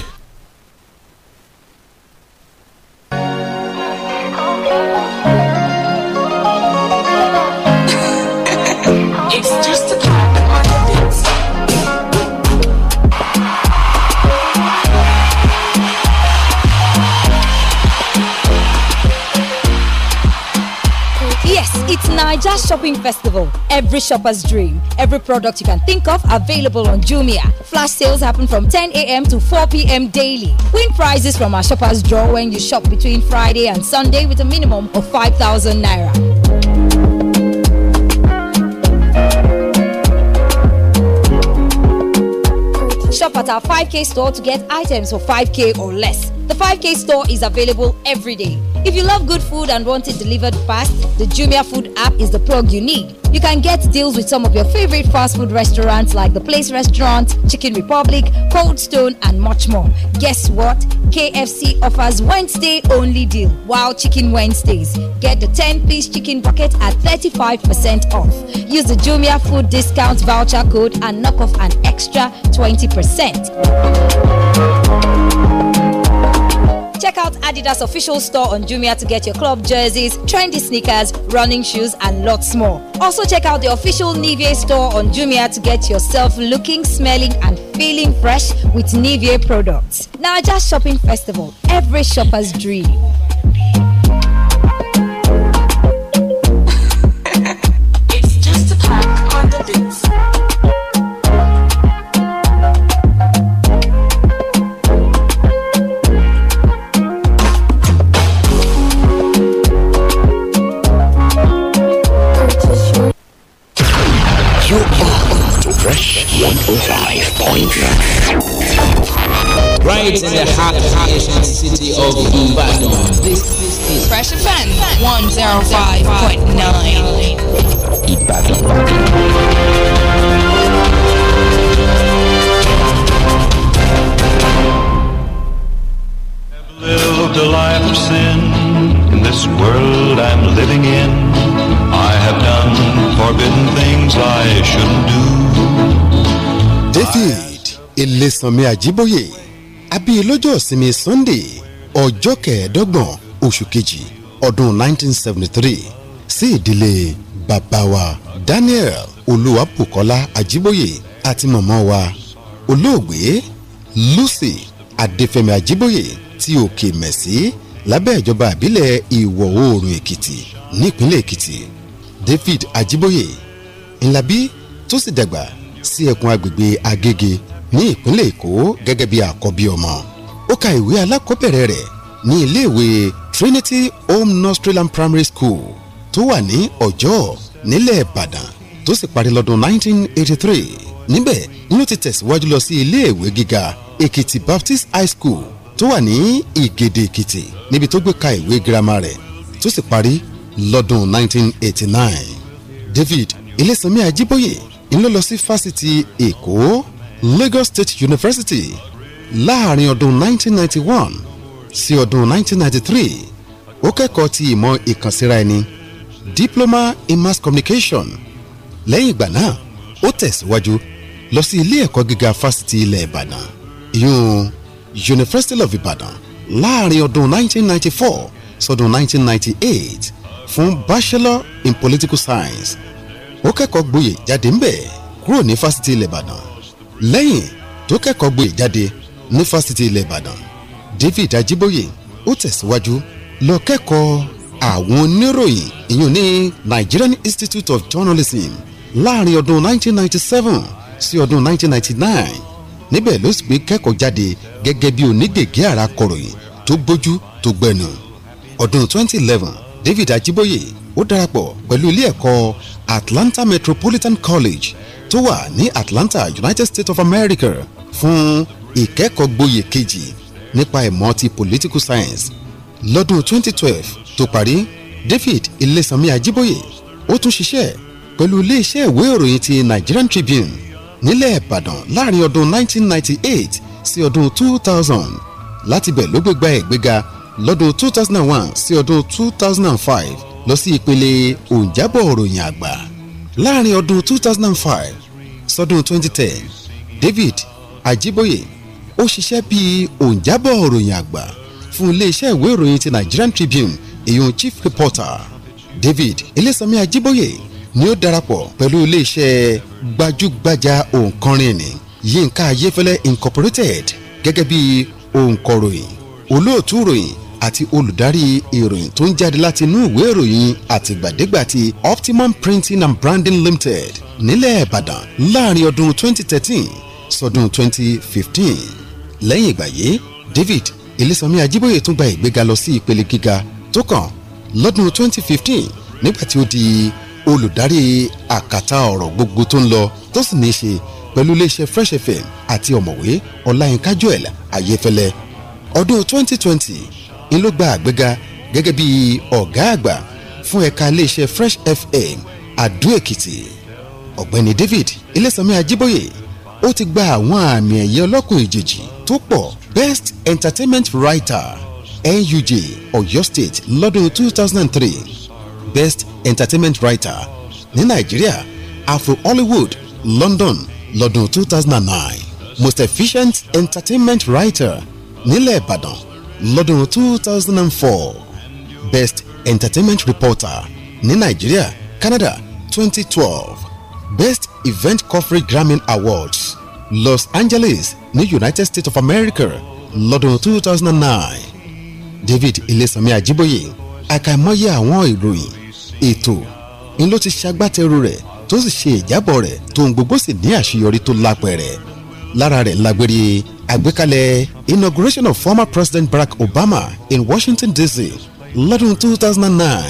It's Shopping Festival. Every shopper's dream. Every product you can think of available on Jumia. Flash sales happen from 10 a.m. to 4 p.m. daily. Win prizes from our shoppers draw when you shop between Friday and Sunday with a minimum of 5,000 naira. Shop at our 5K store to get items for 5K or less. The 5K store is available every day. If you love good food and want it delivered fast, the Jumia Food app is the plug you need. You can get deals with some of your favorite fast food restaurants like The Place Restaurant, Chicken Republic, Cold Stone, and much more. Guess what? KFC offers Wednesday only deal, Wow Chicken Wednesdays. Get the 10 piece chicken bucket at 35% off. Use the Jumia Food discount voucher code and knock off an extra 20%. Check out Adidas official store on Jumia to get your club jerseys, trendy sneakers, running shoes, and lots more. Also, check out the official Nivea store on Jumia to get yourself looking, smelling, and feeling fresh with Nivea products. Now, just shopping festival, every shopper's dream. 105.9. Right in the heart of the city of Ibadan. This is Fresh Offense 105.9. Ibadan. I have Lived a life of sin in this world I'm living in. I have done forbidden things I shouldn't do. Mayfield Ilésànmi Àjíbóyè abíyí lọ́jọ́ ìsinmi Sunday ọjọ́ kẹẹ̀ẹ́dọ́gbọ̀n oṣù kejì ọdún 1973 sí ìdílé bàbá wa Daniel Olúwabùkọ́lá Àjíbóyè àti mọ̀mọ́ wa olóògbé Lucy Adéfẹ́mi Àjíbóyè tí òkè mẹ̀sí lábẹ́ ìjọba àbílẹ̀ ìwọ̀ oòrùn Èkìtì nípínlẹ̀ Èkìtì David Àjíbóyè ńlábí tó sì dàgbà sí ẹkùn agbègbè Agége ní ìpínlẹ̀ Èkó gẹ́gẹ́ bí àkọ́bí ọmọ ó ka ìwé alákọ̀ọ́bẹ̀rẹ̀ rẹ̀ ní iléèwé Trinity Home Nostrand Primary School tó wà ní Ọ̀jọ́ nílẹ̀ Ìbàdàn tó sì parí lọ́dún 1983 níbẹ̀ ni ó ti tẹ̀síwájú lọ sí iléèwé gíga Èkìtì Baptist High School tó wà ní Ìgèdè Èkìtì níbi tó gbé ka ìwé girama rẹ̀ tó sì parí lọ́dún 1989 David Ilésànmí Ajíbóyè iná lọ sí fásitì èkó Lagos State University láàrin ọdún 1991 sí ọdún 1993 ó kẹ́kọ̀ọ́ ti ìmọ̀ ìkànsíra ẹni diploma in mass communication lẹ́yìn ìgbà náà ó tẹ̀síwájú lọ sí ilé ẹ̀kọ́ gíga fásitì ilẹ̀ Ìbàdàn ìyún University of Ibadan láàrin ọdún 1994 sọdún 1998 fún Bachelor in Political Science ó kẹ́kọ̀ọ́ gboyè jáde ńbẹ̀ kúrò ní fásitì ilẹ̀ ìbàdàn lẹ́yìn tó kẹ́kọ̀ọ́ gboyè jáde ní fásitì ilẹ̀ ìbàdàn david ajiboye ó tẹ̀síwájú lọ kẹ́kọ̀ọ́ àwọn oníròyìn ìyún ní nigerian institute of journalism láàrin ọdún 1997 sí ọdún 1999 níbẹ̀ ló sì gbé kẹ́kọ̀ọ́ jáde gẹ́gẹ́ bí onígègé àrà kọ̀ròyìn tó bójú tó gbẹnu ọdún 2011 david ajiboye ó darapọ̀ pẹ̀lú ilé ẹ̀kọ́ Atlanta Metropolitan College tó wà ní Atlanta United States of America fún ìkẹ́kọ̀ọ́ gboyè kejì nípa ìmọ̀ ti political science lọ́dún 2012 tó parí David Ilésànmí Ajíbóyè ó tún ṣiṣẹ́ pẹ̀lú iléeṣẹ́ ìwé ìròyìn ti Nigerian Tribune nílẹ̀ Ìbàdàn láàrin ọdún 1998 sí ọdún 2000 láti bẹ̀ ló gbégbá ẹ̀gbéga lọ́dún 2001 sí ọdún 2005 lọ sí ìpele òǹjábọ̀ òròyìn àgbà láàrin ọdún 2005 sọdún 2010 David Ajiboye ó ṣiṣẹ́ bíi òǹjábọ̀ òròyìn àgbà fún iléeṣẹ́ ìwé ìròyìn ti Nigerian Tribune èyàn chief reporter David Ilésànmí Ajiboye ni ó darapọ̀ pẹ̀lú iléeṣẹ́ gbajúgbajà òǹkọrin ni Yínká Ayéfẹ́lẹ́ Incorporated gẹ́gẹ́ bíi òǹkọ̀ròyìn olóòtú ròyìn àti olùdarí ìròyìn tó ń jáde láti inú ìwé ìròyìn àtìgbàdégbà ti Optimum Printing and Branding Limited nílẹ̀ Ìbàdàn láàrin ọdún 2013 sọdún 2015 lẹ́yìn ìgbà yìí David Ilésànmí Ajíbóyè tún gba ìgbéga lọ sí ìpele gíga tó kàn lọ́dún 2015 nígbà tí ó di olùdarí àkàtà ọ̀rọ̀ gbogbo tó ń lọ tó sì ní í ṣe pẹ̀lú iléeṣẹ́ Fresh FM àti ọ̀mọ̀wé Ọláyínká Joel Ayéfẹ́lẹ́ ọdún 2020 ń ló gba àgbéga gẹ́gẹ́ bí ọ̀gá àgbà fún ẹ̀ka iléeṣẹ́ Fresh FM Adó-Èkìtì ọ̀gbẹ́ni David Ilésànmí Ajíbóyè ó ti gba àwọn àmì ẹ̀yẹ ọlọ́kùn ìjèjì tó pọ̀ Best Entertainment Writer NUJ Ọ̀yọ́ State lọ́dún 2003 Best Entertainment Writer ní Nàìjíríà Afro Hollywood London lọ́dún 2009 Most Efficient Entertainment Writer nílẹ̀ Ìbàdàn lọ́dún 2004, best entertainment reporter ní nàìjíríà canada 2012, best event coverage grammy awards los angeles ní united states of america lọ́dún 2009. david ilésànmí àjíbóyè àkàìmọye àwọn ìròyìn ètò ń ló ti ṣagbátẹrù rẹ̀ tó sì ṣe ìjábọ̀ rẹ̀ tó ń gbogbo sì ní àṣeyọrí tó lápẹẹrẹ lára rẹ̀ lágbèrè àgbékalẹ̀ inauguration of former president Barack Obama in Washington D.C. lọ́dún 2009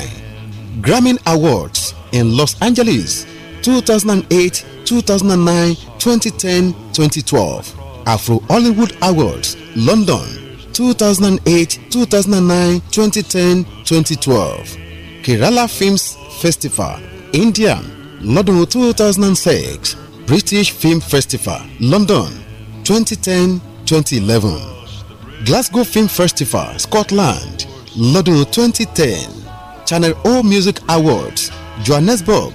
Grammy Awards in Los Angeles 2008 2009 2010 2012 Afro Hollywood Awards London 2008 2009 2010 2012 Kerala Films Festival India lọ́dún 2006 British Film Festival, London, 2010-2011. Glasgow Film Festival, Scotland, lọ́dún 2010. Channel O Music Awards, Johannesburg,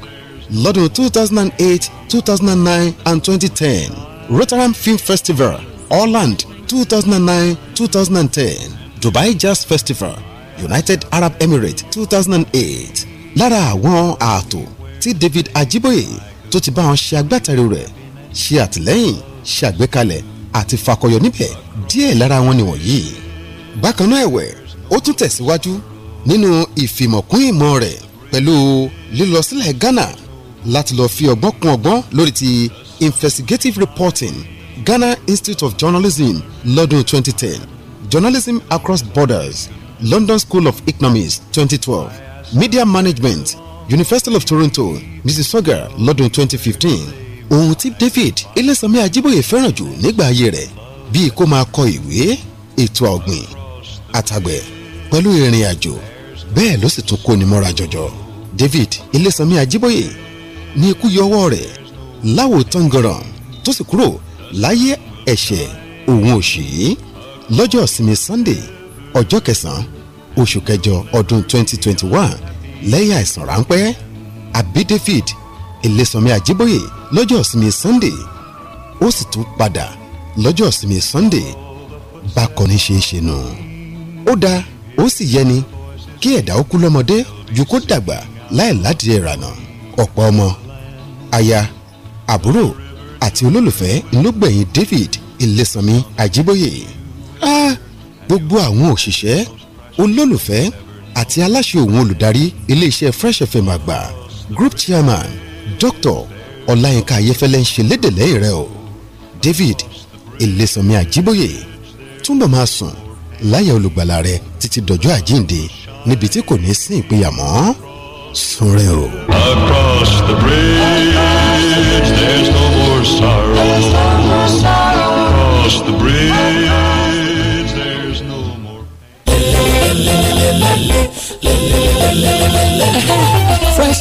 lọ́dún 2008, 2009 and 2010. Rotterdam Film Festival, Holland, 2009-2010. Dubai Jazz Festival, United Arab Emirates, 2008. Lára àwọn ààtò tí David Ajiboye tó ti bá wọn ṣe agbátẹrù rẹ̀ ṣe àtìlẹ́yìn ṣe àgbékalẹ̀ àti fakọyọ níbẹ̀ díẹ̀ lára wọn nìwọ̀nyí. bákan náà ẹ̀wẹ̀ ó tún tẹ̀síwájú nínú ìfìmọ̀kún ìmọ̀ rẹ̀ pẹ̀lú lílọ sílẹ̀ Ghana láti lọ fi ọgbọ́n kún ọgbọ́n lórí ti investigative reporting Ghana Institute of Journalism lọ́dún 2010 Journalism Across Borders London School of Economics 2012 Media Management University of Toronto Mrs. Mississauga lọ́dún 2015 ohun tí David Ilésànmí Ajíbóyè fẹ́ràn jù nígbà ayé rẹ̀ bíi kó máa kọ ìwé ètò ọ̀gbìn àtàgbẹ̀ pẹ̀lú ìrìn àjò bẹ́ẹ̀ ló sì tún ni mọ́ra jọjọ David Ilésànmí Ajíbóyè ní ikú yọ ọwọ́ rẹ̀ láwo tangaran tó sì kúrò láyé ẹ̀ṣẹ̀ òun òṣì yìí lọ́jọ́ ìsinmi Sunday ọjọ́ kẹsàn-án oṣù kẹjọ ọdún 2021 lẹ́yìn àìsàn ráńpẹ́ àbí David Ẹlẹ́sànmí Àjíbóyè lọ́jọ́ ìsinmi Sunday ó sì tún padà lọ́jọ́ ìsinmi Sunday bákan ní ṣeé ṣe nù ó dáa ó sì yẹni kí ẹ̀dá ó kú lọ́mọdé ju kó dàgbà láì ládìí ìrànà ọ̀pọ̀ ọmọ aya àbúrò àti olólùfẹ́ ńlọgbẹ̀yìn David Ẹlẹ́sànmí Àjíbóyè ah gbogbo àwọn òṣìṣẹ́ olólùfẹ́ àti aláṣẹ òun olùdarí iléeṣẹ́ fresh fm àgbà group chairman dr ọláyínká ayéfẹ́lẹ́ ń ṣe lédèlé rẹ o david ilésànmí àjíbóyè túnbọ̀ máa sùn láyà olùgbàlà rẹ títí dọjọ́ àjíǹde níbi tí kò ní sí ìpínyà mọ́ sùn rẹ o. across the bridge there's no more sorrow across the bridge.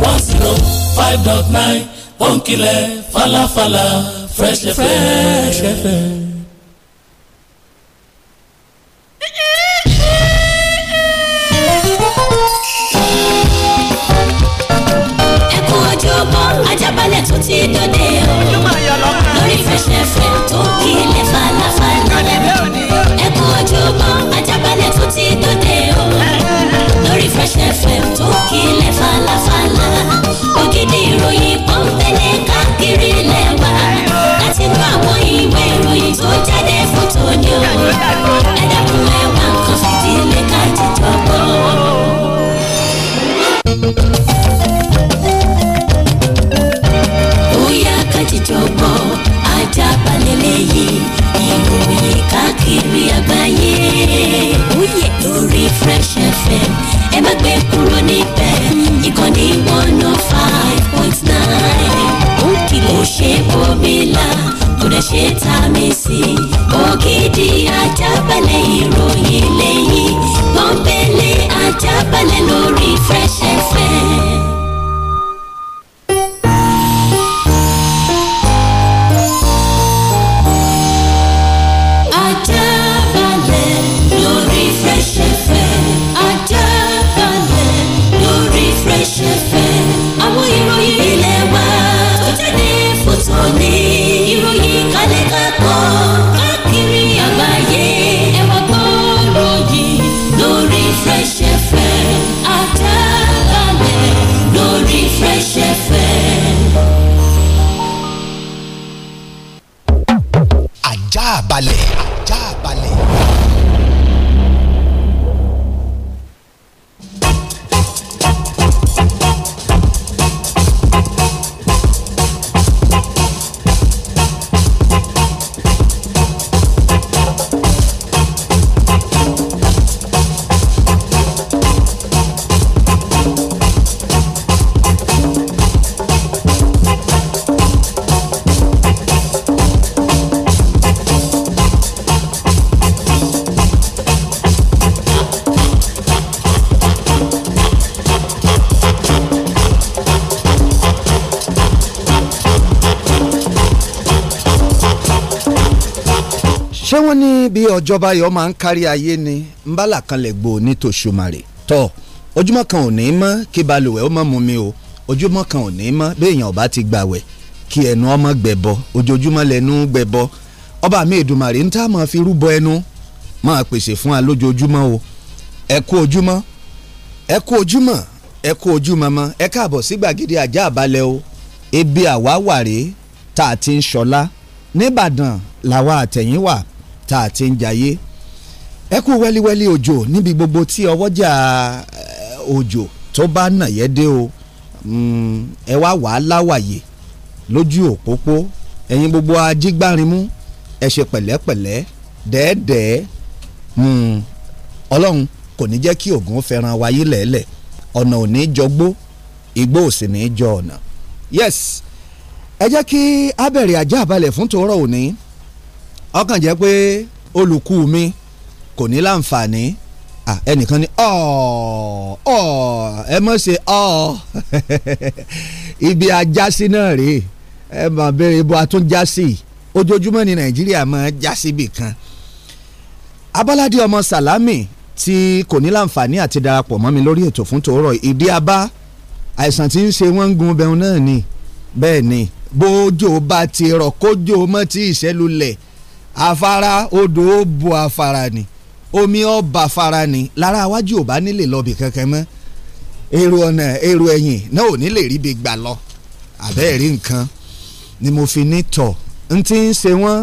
one zero five dot nine pọ́ńkìlẹ̀ falafala fresh fm. fresh fm. ẹkún ojúbọ ajábalẹ̀ tó fresh ajábalẹ̀ tó ti dòde. Fresh FM tó kílẹ̀ falafala ògidì ìròyìn kan fẹ́lẹ̀ káàkiri lẹ́wà láti inú àwọn ìwé ìròyìn tó jáde fún tòní o ẹ dákun ẹ ìjọba ayọ̀ máa ń kárí ayé ni ńbàlà kan lè gbò ní tòṣùmàrè tọ́ ojúmọ́ kan ò ní mọ́ kí balùwẹ̀ ó mọ́ mu mi o ojúmọ́ kan ò ní mọ́ béèyàn ọba ti gbàwẹ̀ kí ẹnu ọmọ gbẹ̀bọ ojoojúmọ́ lẹ́nu gbẹ̀bọ ọba mi Èdùmàrè ń tá máa fi rúbọ ẹnu máa pèsè fún wa lójoojúmọ́ o ẹ kú ojúmọ́ ẹ kú ojúmọ́ ẹ kú ojúmọ́mọ́ ẹ káàbọ̀ sí gbàgede àjà àbálẹ̀ o ebi àwa wàrè tá a ti ń ṣọlá nìbàdàn làwa àtẹ̀yìn wà tá a ti ń jayé ẹ kú wẹ́líwẹ́lí òjò níbi gbogbo tí ọwọ́jà eh, òjò tó bá nà yẹ́ dé o hmm, ẹ wá wàá láwàyè lójú òpópó ẹ̀yin gbogbo ajígbárinmú ẹ ṣe pẹ̀lẹ́pẹ̀lẹ́ dẹ́ẹ̀dẹ́ẹ́ hmm, ọlọ́run kò ní jẹ́ kí ògùn fẹ́ràn wáyé lẹ́ẹ̀lẹ̀ ọ̀nà ò ní jọgbó igbó ò sì ní jọ ọ̀nà yes ẹ jẹ́ kí a bẹ̀rẹ̀ ajá balẹ̀ fún tòórọ́ òní ọkàn jẹ́ pé olùkú mi kò ní láǹfààní ẹnìkan ní ọ ọ ẹ mọ̀ ṣe ọ ibi ajásí náà rèé ẹ mọ̀ bẹ́ẹ̀ ibo atúnjásí ojoojúmọ́ ní nàìjíríà mọ̀ jásí bìkan abọ́ládé ọmọ sàlámì tí kò ní láǹfààní àti darapọ̀ mọ́ mi lórí ètò fún tòórọ̀ ìdí abá àìsàn tí ń ṣe wọ́n ń gun bẹ́ẹ̀ náà ni bẹ́ẹ̀ ni bójú bá ti rọ̀ kójú mọ́ tí ìṣẹ́lulẹ̀ afárá odò ó bo afárá ni omi ọba afárá ni lára iwájú ò bá nílè lọ́bì kankan mọ́ èrò ọ̀nà èrò ẹ̀yìn náà ò nílè rí bi gbà lọ àbẹ́ẹ̀ rí nǹkan ni mo fi ní tọ̀ n ti ń ṣe wọ́n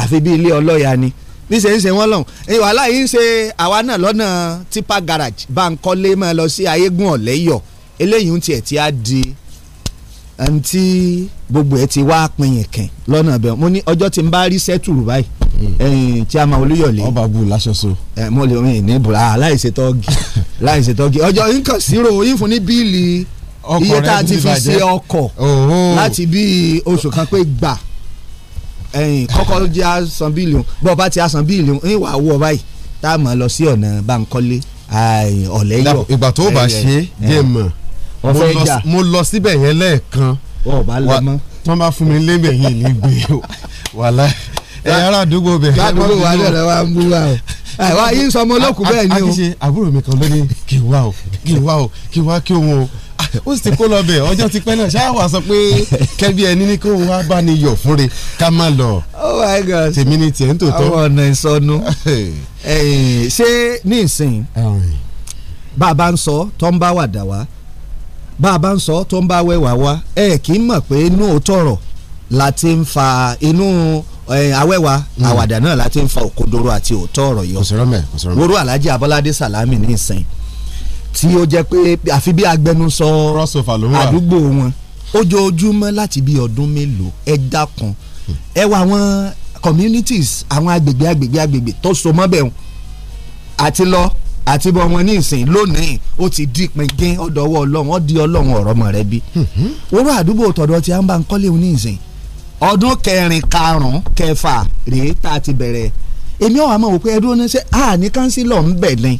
àfi bí ilé ọlọ́ya ni bí ṣe ń ṣe wọ́n lọ́hùn ẹ̀ wàhálà yìí ń ṣe àwa náà lọ́nà tipa garage bá ń kọ́lé máa lọ sí ayégún ọ̀lẹ́yọ̀ eléyìí ń tiẹ̀ tí a di ẹni tí gbogbo ẹ ti wá pinyin kìn lọ́nà bẹ́ẹ̀ mo ní ọjọ́ tí n bá rí sẹ́tùrù báyìí ẹyìn tí a máa olúyọ̀lé ọba bu láṣọṣọ ẹ mo lè rìn ní bùrà aláìṣe ah, tọ́gì aláìṣe tọ́gì ọjọ́ nǹkan ṣírò yín fún ní bíìlì iye tá a ti fi ṣe ọkọ̀ láti bí oṣù kan pé gbà ẹyìn kọ́kọ́ jẹ́ àsan bíìlì òun bọ́ọ̀ bá ti àsan bíìlì òun ń wà wọ̀ báyìí tá a máa lọ sí ọ̀nà Bánkọ́lé ọ̀lẹ́yọ̀ ìgbà wọ́n fẹ́ jà mo lọ síbẹ̀ yẹn lẹ́ẹ̀kan wọ́n bá fún mi lébẹ̀ yìí ní gbé o wàhálà ẹ̀ ara àdúgbò bẹ̀. ládùúgbò wa lọ́dọ̀ wa ń bú wa o àwa yìí ń sọ ọmọ olókùú bẹ́ẹ̀ ni o. akíṣe àbúrò mi kan ló ní kí wá o kí wá o kí wá kí òun o ah, ó sì ti kó lọ bẹ̀ ọjọ́ ti pẹ́ náà ṣáà wà sọ pé kẹ́bí ẹni ní kó wá bá ní yọ̀ fúnre ká má lọ. oh my god tèmi ni tiẹ̀ ń tò tọ́. àwọn ọ̀nà ìsọnù ṣé ní ìsìn bàbá ń sọ tó ń bá wàdà wá bá a bá ń sọ tó ń bá wẹ̀wà wa ẹ kì í mọ̀ pé inú tọrọ la ti ń fa inú awẹ́wà hmm. àwàdà náà la ti ń fa òkodoro àti òótọ́ ọ̀rọ̀ yọ. wóró alhaji abolade salami ní ìsìn tí ó jẹ́ pé àfi bí agbẹnusọ àdúgbò wọn ojoojúmọ́ láti bí ọdún mélòó ẹ dákun hmm. ẹ wà àwọn communities àwọn agbègbè agbègbè agbègbè tó so mọ́ bẹ́ẹ̀ àti lọ àti bọ́ wọn ní ìsìn lónìí ó ti di pingin ọ̀dọ̀wọ́ ọlọ́run ó di ọlọ́run ọ̀rọ̀ mọ̀ rẹ bí. orú hmm. àdúgbò tọ̀dọ̀ tí a ń bá ń kọ́lé òun ní ìsìn ọdún kẹrin karùn-ún kẹfà rèé tá a ti bẹ̀rẹ̀ èmi ọ̀ àmọ́ òpin ẹdún ní sẹ́ a ní kánsílọ̀ ń bẹ̀ ni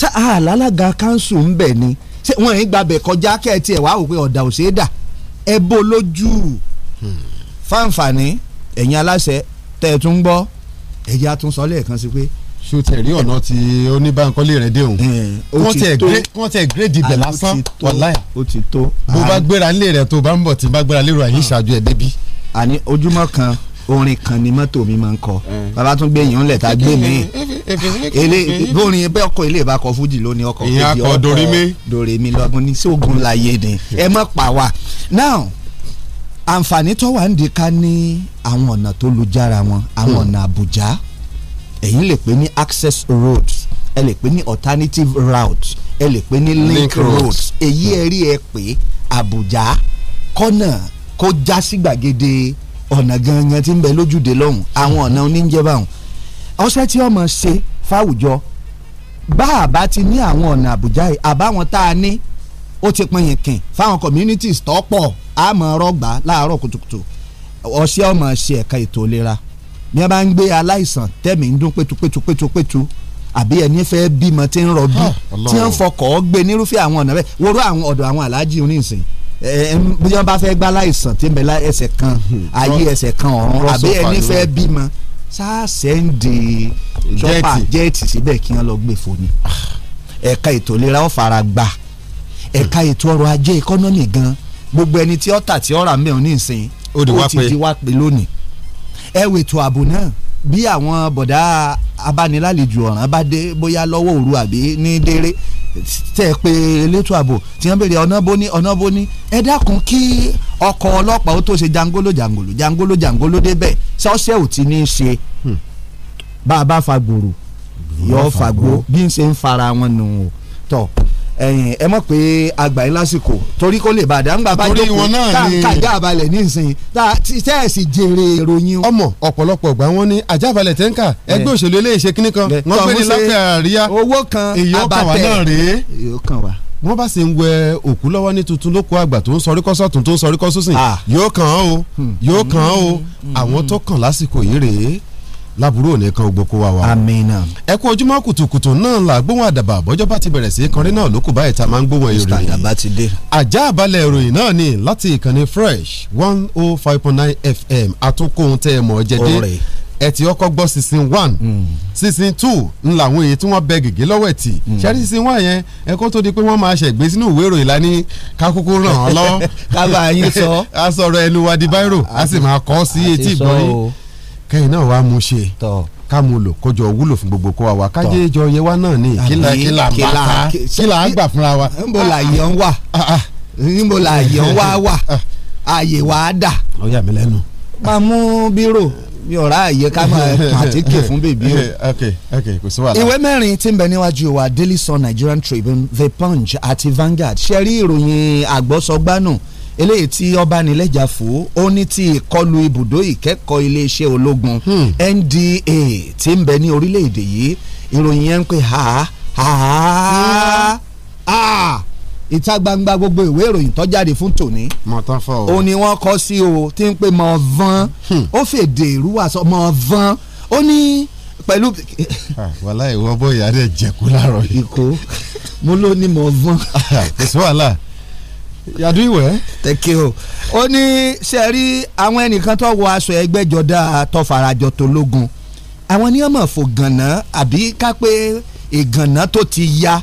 sẹ́ a lálága kánsù ń bẹ̀ ni sẹ́ wọ́n yìí gbàbẹ̀ kọjá kẹ́ẹ̀tì ẹ̀ wá òpin ọ̀dà òṣèdà ẹ bó lójú hmm. fáǹfààní ẹ̀yin aláṣẹ tẹ̀ tún gbọ́ ẹ̀yà tún sọ lẹ́ẹ̀kan sí pé ṣó tẹ̀ rí ọ̀nà tí oníbànkọ́lé rẹ̀ dé òun wọ́n tẹ̀ gírèdì bẹ̀ lásán wàláì ó ti tó bó bá gbéra nílé rẹ̀ tó bá ń bọ̀ tí bá gbéra lérò àyè ìṣáájú ah. ẹ̀ débi. àní ojúmọ́ kan orin kan ni mọ́tò mi máa ń kọ eh. bàbá tún gbé yìnyín lẹ́ta gbé mi eh, eh, ele bórin bẹ́ẹ̀ ọkọ̀ ilé ìbá kọ fújì lónìí ọkọ̀ kejì ọkọ̀ dòrèmi lọ́gbọ́n ní sóògùn láyé ni ẹ má pa wá now àǹfààní tó wà ń di ká ní àwọn ọ̀nà tó lu jára wọn àwọn hmm. ọ̀nà àbùjá. Hmm ẹ̀yin lè pè ní access roads ẹ lè pè ní alternative routes ẹ lè pè ní link roads èyí hmm. ẹ rí ẹ pé Àbújá kọ́nà kó já sí gbàgede ọ̀nà gangan tí ń bẹ lójúde lọ́hùn àwọn ọ̀nà oníjẹba ọ̀hún ọṣẹ tí ọmọ ṣe fáwùjọ bá a bá ti ní àwọn ọ̀nà Àbújá yìí àbáwọn tá a ní ó ti pin yìnkìn fáwọn communities tọ́pọ̀ àmọ́ rọ́gbà láàárọ̀ kùtùkùtù ọṣẹ ọmọ ṣe ẹ̀ka ètò ìlera ní a bá ń gbé aláìsàn tẹ̀mí ń dún pétupétu pétupétu àbí ẹni fẹ́ bímọ tí ń rọbí ah, tí ń fọkọ̀ gbé nírúfẹ́ àwọn ọ̀nà bẹ́ẹ̀ wọ́rú àwọn ọ̀dọ̀ àwọn aláàjì oníṣìn bí wọ́n bá fẹ́ gbá aláìsàn tí ń bẹ ẹsẹ̀ kan hmm. ayé ẹsẹ̀ kan ọ̀run àbí ẹni fẹ́ bímọ sáàsẹ́ǹdì jọ́pà jẹ́ẹ̀tì síbẹ̀ kí wọ́n lọ gbé foni ah. ẹ̀ka ètò ìlera ó fara gbà ẹ̀ka hmm. ètò ọrọ̀ ajé ẹkọ́nọ́mì gan gbogbo ẹni tí ó tà tí ó rà mẹ́rin ní ó ti di wá pé lónìí ẹ wètò ààbò náà bí àwọn bọ̀dá abánilálejò ọ̀ràn bá dé bóyá lọ́wọ́ òru àbí ní déré tẹ́ pé elétò ààbò tí wọ́n béèrè ọ̀nà bóní ọ̀nà bóní ẹ dákun kí ọkọ̀ ọlọ́pàá ó tó ṣe jangolo jangolo jangolo jangolo débẹ̀ ṣọ́ọ̀ṣẹ́ ò ti ní í ṣe hmm. bá a bá fa gbòòrò yọ fa gbó bí n ṣe ń fara wọn nù tọ́ ẹ̀yin ẹ mọ̀ pé àgbà yín lásìkò torí kó lè bàdá ńgbà bá jókòó káàkiri àbálẹ̀ nísìnyí tẹ́ ẹ̀ sì jèrè ìròyìn. ọmọ ọ̀pọ̀lọpọ̀ ọgbà wọn ní àjàbalẹ̀ tẹ́ ń kà ẹgbẹ́ òṣèlú eléyìíṣẹ́ kínní kan wọ́n pè ní láfẹ́ àríyá owó kan àbàtẹ́ èyí ó kàn wá wọ́n bá sì ń wẹ òkú lọ́wọ́ ní tuntun lóko àgbà tó ń sọrí kọ́sọ́ tuntun tó ń sọrí kọ́sọ́ sìn ah. yóò kàn án o hmm. yóò kàn án o hmm. àwọn tó kàn lásìkò yìí rèé lábúrò nìkan gbogbo wa wa. amina. ẹ kú ojúmọ́ kùtùkùtù náà la gbóhùn àdàbà àbọ̀jọ́ bá ti bẹ̀rẹ̀ sí kọrin náà lókù báyìí tá a máa ń gbóhùn ìròyìn. ìsàdàbà ti dé. àjà àbálẹ̀ ìròyìn náà ni láti ìkànnì fresh one oh five point nine fm àtúnkóhun tẹ́ ẹ mọ̀ jẹ́dẹ́ ẹ ti ọkọ gbọ́ season one hmm. season two ń làwọn èyí tí wọ́n bẹ gègé lọ́wọ́ ẹ̀ tì hmm. ṣáà ní one yẹn ẹ kó tó di pé wọ́n máa ṣẹ̀gbé sínú ìwé ìròyìn la ní kakúkú ràn án lọ́wọ́. kábàáyín sọ. a sọ̀rọ̀ ẹnu wa di báírò a sì máa kọ́ sí etí ìgbọ́n yín kẹ́yìn náà wàá mú ṣe ká mu lò kójọ wúlò fún gbogbo kó wa wá kájé jọ yẹ wá náà ní. kílà kílà mbàtà kílà àgbà fúnra wa. níbo la yẹn wà ah, ah, ah. níbo la yẹn wà wà ààyè wà á dà. ó yà mí lẹ́nu. máa mú bírò mi ò rà àyè ká máa pàtíkè fún bèbí o. ok ok kò sí wàhálà. ìwé mẹ́rin tí ń bẹ níwájú wa Daily Sun Nigerian Tribune The Punch àti Vanguard ṣe rí ìròyìn àgbọ̀sọgbánù eléyìí tí ọba nílẹ̀jà fò ó ní ti ìkọlù ibùdó ìkẹ́kọ̀ọ́ iléeṣẹ́ ológun hmm. NDA tí ń bẹ ní orílẹ̀-èdè yìí ìròyìn yẹn ń pè ha ha ha ìta gbangba gbogbo ìwé ìròyìn tó jáde fún tòní. mọ̀tán o. ó ní wọ́n kọ́ sí o tí ń pè mọ̀ ván hmm. ó fèdè ìrúwà sọ mọ̀ ván ó ní pẹ̀lú. Ah, wàhálà ìwọ bóyá rẹ̀ jẹ̀kú láàárọ̀ yìí. ìkó mo ló ní mọ̀ ván. Ah, kò sí wàhálà yàdú ìwẹ́. thank you. ó ní ṣe rí àwọn ẹnìkan tó wọ aṣọ ẹgbẹ́jọdá tó farajọ tó lógun àwọn ní ọmọ fò gànà àbí ká pé ìgànà tó ti ya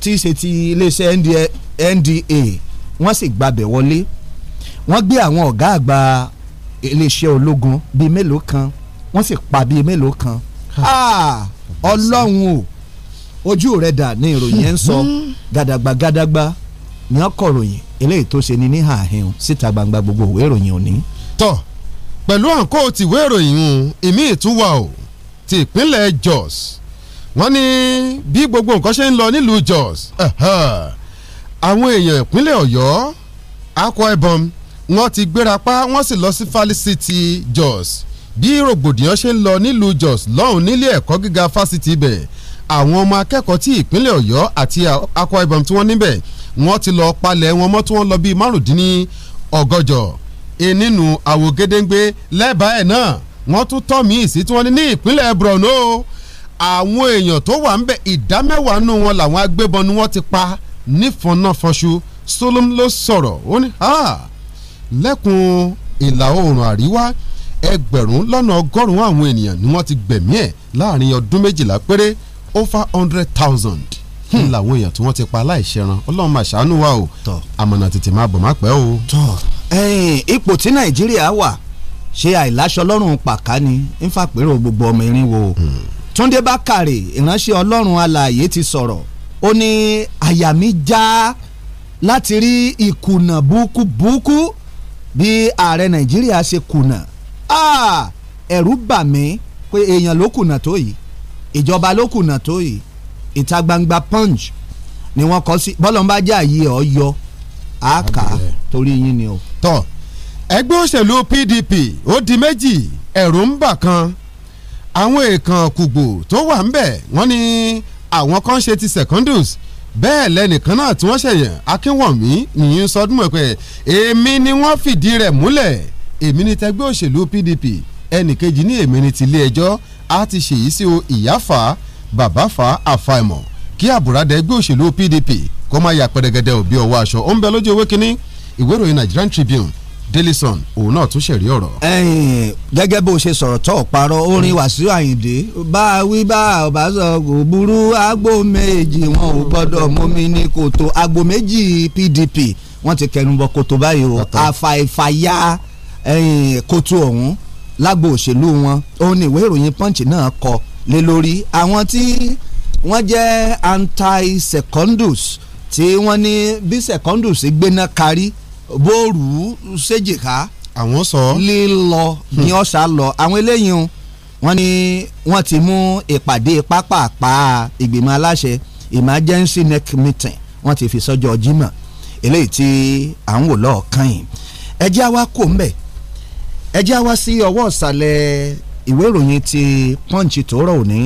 tí í ṣe ti iléeṣẹ́ NDA wọ́n sì gbabẹ̀ wọlé wọ́n gbé àwọn ọ̀gá àgbà iléeṣẹ́ ológun bíi mélòó kan wọ́n sì pa bíi mélòó kan ah, ọlọ́run o ojú rẹ̀ dà ní ìròyìn ẹ̀ ń sọ hmm. gàdàgbà gàdàgbà ni wọ́n kọ̀ròyìn eléyìí tó ṣe ni ní ààhìn síta gbangba gbogbo ìwé ìròyìn òní. tọ́ pẹ̀lú àǹkó tìwé ìròyìn ìmí ìtúwà o ti ìpínlẹ̀ Jos wọ́n ní bí gbogbo nǹkan ṣe ń lọ nílùú Jos àwọn èèyàn ìpínlẹ̀ Ọ̀yọ́ Akwa Ibom wọ́n ti gbérapá wọ́n sì lọ sí Fali City Jos bí rògbòdìyàn ṣe ń lọ nílùú Jos lọ́hùn nílé ẹ̀kọ́ gíga fásitì ibẹ̀ àwọn ọmọ akẹ́kọ̀ọ́ tí ìpínlẹ̀ ọ̀yọ́ àti akwa ibom tí wọ́n níbẹ̀ wọ́n ti lọ palẹ̀ wọn mọ́ tí wọ́n lọ bíi márùndínní ọgọ́jọ nínú àwògedengbe lẹ́bàá ẹ̀ náà wọ́n tún tọ́ míì sí tí wọ́n ní ní ìpínlẹ̀ borno àwọn èèyàn tó wà ń bẹ ìdá mẹ́wàá nù wọn làwọn agbébọn ni wọ́n ti pa nífọ̀nàfọ̀ṣu solom ló sọ̀rọ̀ ó ní lẹ́kùn ìlà oòrùn àríwá ẹgbẹ̀rún lọ́nà ọgọ́rùn-ún àwọn ènìyàn ni wọ́n ti gbẹ̀mí ẹ̀ láàrin ọdún méjìlá péré over hundred thousand hmm. ń làwọn èèyàn tí wọ́n ti pa aláìṣẹran ọlọ́run máa ṣàánú wa o àmọ̀nà tètè máa bọ̀ má pẹ́ o. ipò tí nàìjíríà wà ṣe àìláṣọ ọlọ́run pàká ni ń fàpérò gbogbo ọmọ irin wo hmm. túndé bákàrè ìránṣẹ́ ọlọ́run alààyè ti sọ̀rọ̀ ó ní àyà mi já láti rí ìkùnà búkúbúkú bí ààrẹ nàìjíríà ṣe kùnà ah, ẹ̀rù bà mí pé èèyàn ló kùnà tó yìí ìjọba ló kùnà tó yìí ìta gbangba punch ni wọ́n kọ sí bọ́lọ́mbájà yìí ọ̀ yọ àkà torí yín ni o. tọ́ ẹgbẹ́ òṣèlú PDP ó di méjì ẹ̀rù ń bà kan àwọn èèkàn kùgbò tó wà ń bẹ̀ wọ́n ní àwọn kan ṣe ti secondus bẹ́ẹ̀ lẹ́nìkan náà tí wọ́n ṣẹ̀yàn akínwọ̀nmí nìyí sọdún mọ̀ èmi ni wọ́n fìdí rẹ̀ múlẹ̀ èmi ni tẹgbẹ́ òṣèlú PDP ẹnìkejì ní èmi ni tilé ẹjọ́ e a ti ṣèyí sí o ìyá fà á bàbá fà kí àbùradà ẹgbẹ́ òṣèlú PDP kó máa yà pẹ́rẹ́gẹ́dẹ́ òbí ọwọ́ aṣọ ó ń bẹ lójú ewé kínní ìwé ìròyìn Nigerian Tribune Daily Sun òun náà tún ṣẹ̀rí ọ̀rọ̀. gẹ́gẹ́ bó ṣe sọ̀rọ̀ tó parọ́ orin mm. Wàsíù Àyìndé bá a wí bá a bá sọ kò burú agbo méjì wọn ò gbọ́dọ̀ mọ́mí ní kòtò agbo méjì PDP wọ́n ti kẹnu bọ kòtò báyìí o àfàìfàyà kòtò ọ̀hún lágbo òṣèlú wọn òun ni ìwé ìròyìn punch náà kọ lé lórí àwọn tí wọ́n jẹ́ anti-secondus tí wọ́n ní bí secondus gbéná kárí bóòrù séjìká àwọn sọ lílọ ni ó sá lọ àwọn eléyìí o wọ́n ní wọ́n ti mú ìpàdé pápápá ìgbìmọ̀ aláṣẹ emergency neck meeting wọ́n ti fi sọ́jọ́ Jímọ̀ eléyìí tí à ń wò lọ́ọ̀kan yìí ẹjẹ́ àwa kò ń bẹ̀ ẹ jẹ́ wá sí ọwọ́ ìsàlẹ̀ ìwé ìròyìn ti punch tòórọ̀ òní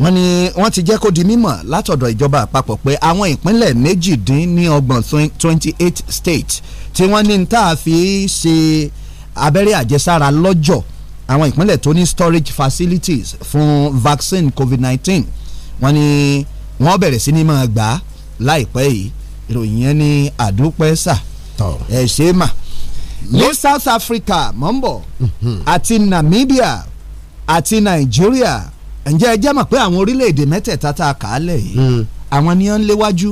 wọ́n ní wọ́n ti jẹ́ kó di mímọ̀ látọ̀dọ̀ ìjọba àpapọ̀ pé àwọn ìpínlẹ̀ méjìdínlọ́gbọ̀n twenty eight states tí wọ́n ní tá a fi ṣe abẹ́rẹ́ àjẹsára lọ́jọ́ àwọn ìpínlẹ̀ tó ní storage facilities fún vaccine covid nineteen wọ́n ní wọ́n bẹ̀rẹ̀ sí ní máa gbà láìpẹ́ yìí ìròyìn yẹn ní àdúpẹ́ ẹ̀ ṣe é mà ní South Africa mọ̀ ń bọ̀ mhm. àti Namibia àti Nigeria, ǹjẹ́ ẹ jẹ́ mọ̀ pé àwọn orílẹ̀-èdè mẹ́tẹ̀ẹ̀ta tá a kà á lẹ̀ yìí hmm. àwọn ni wọ́n ń léwájú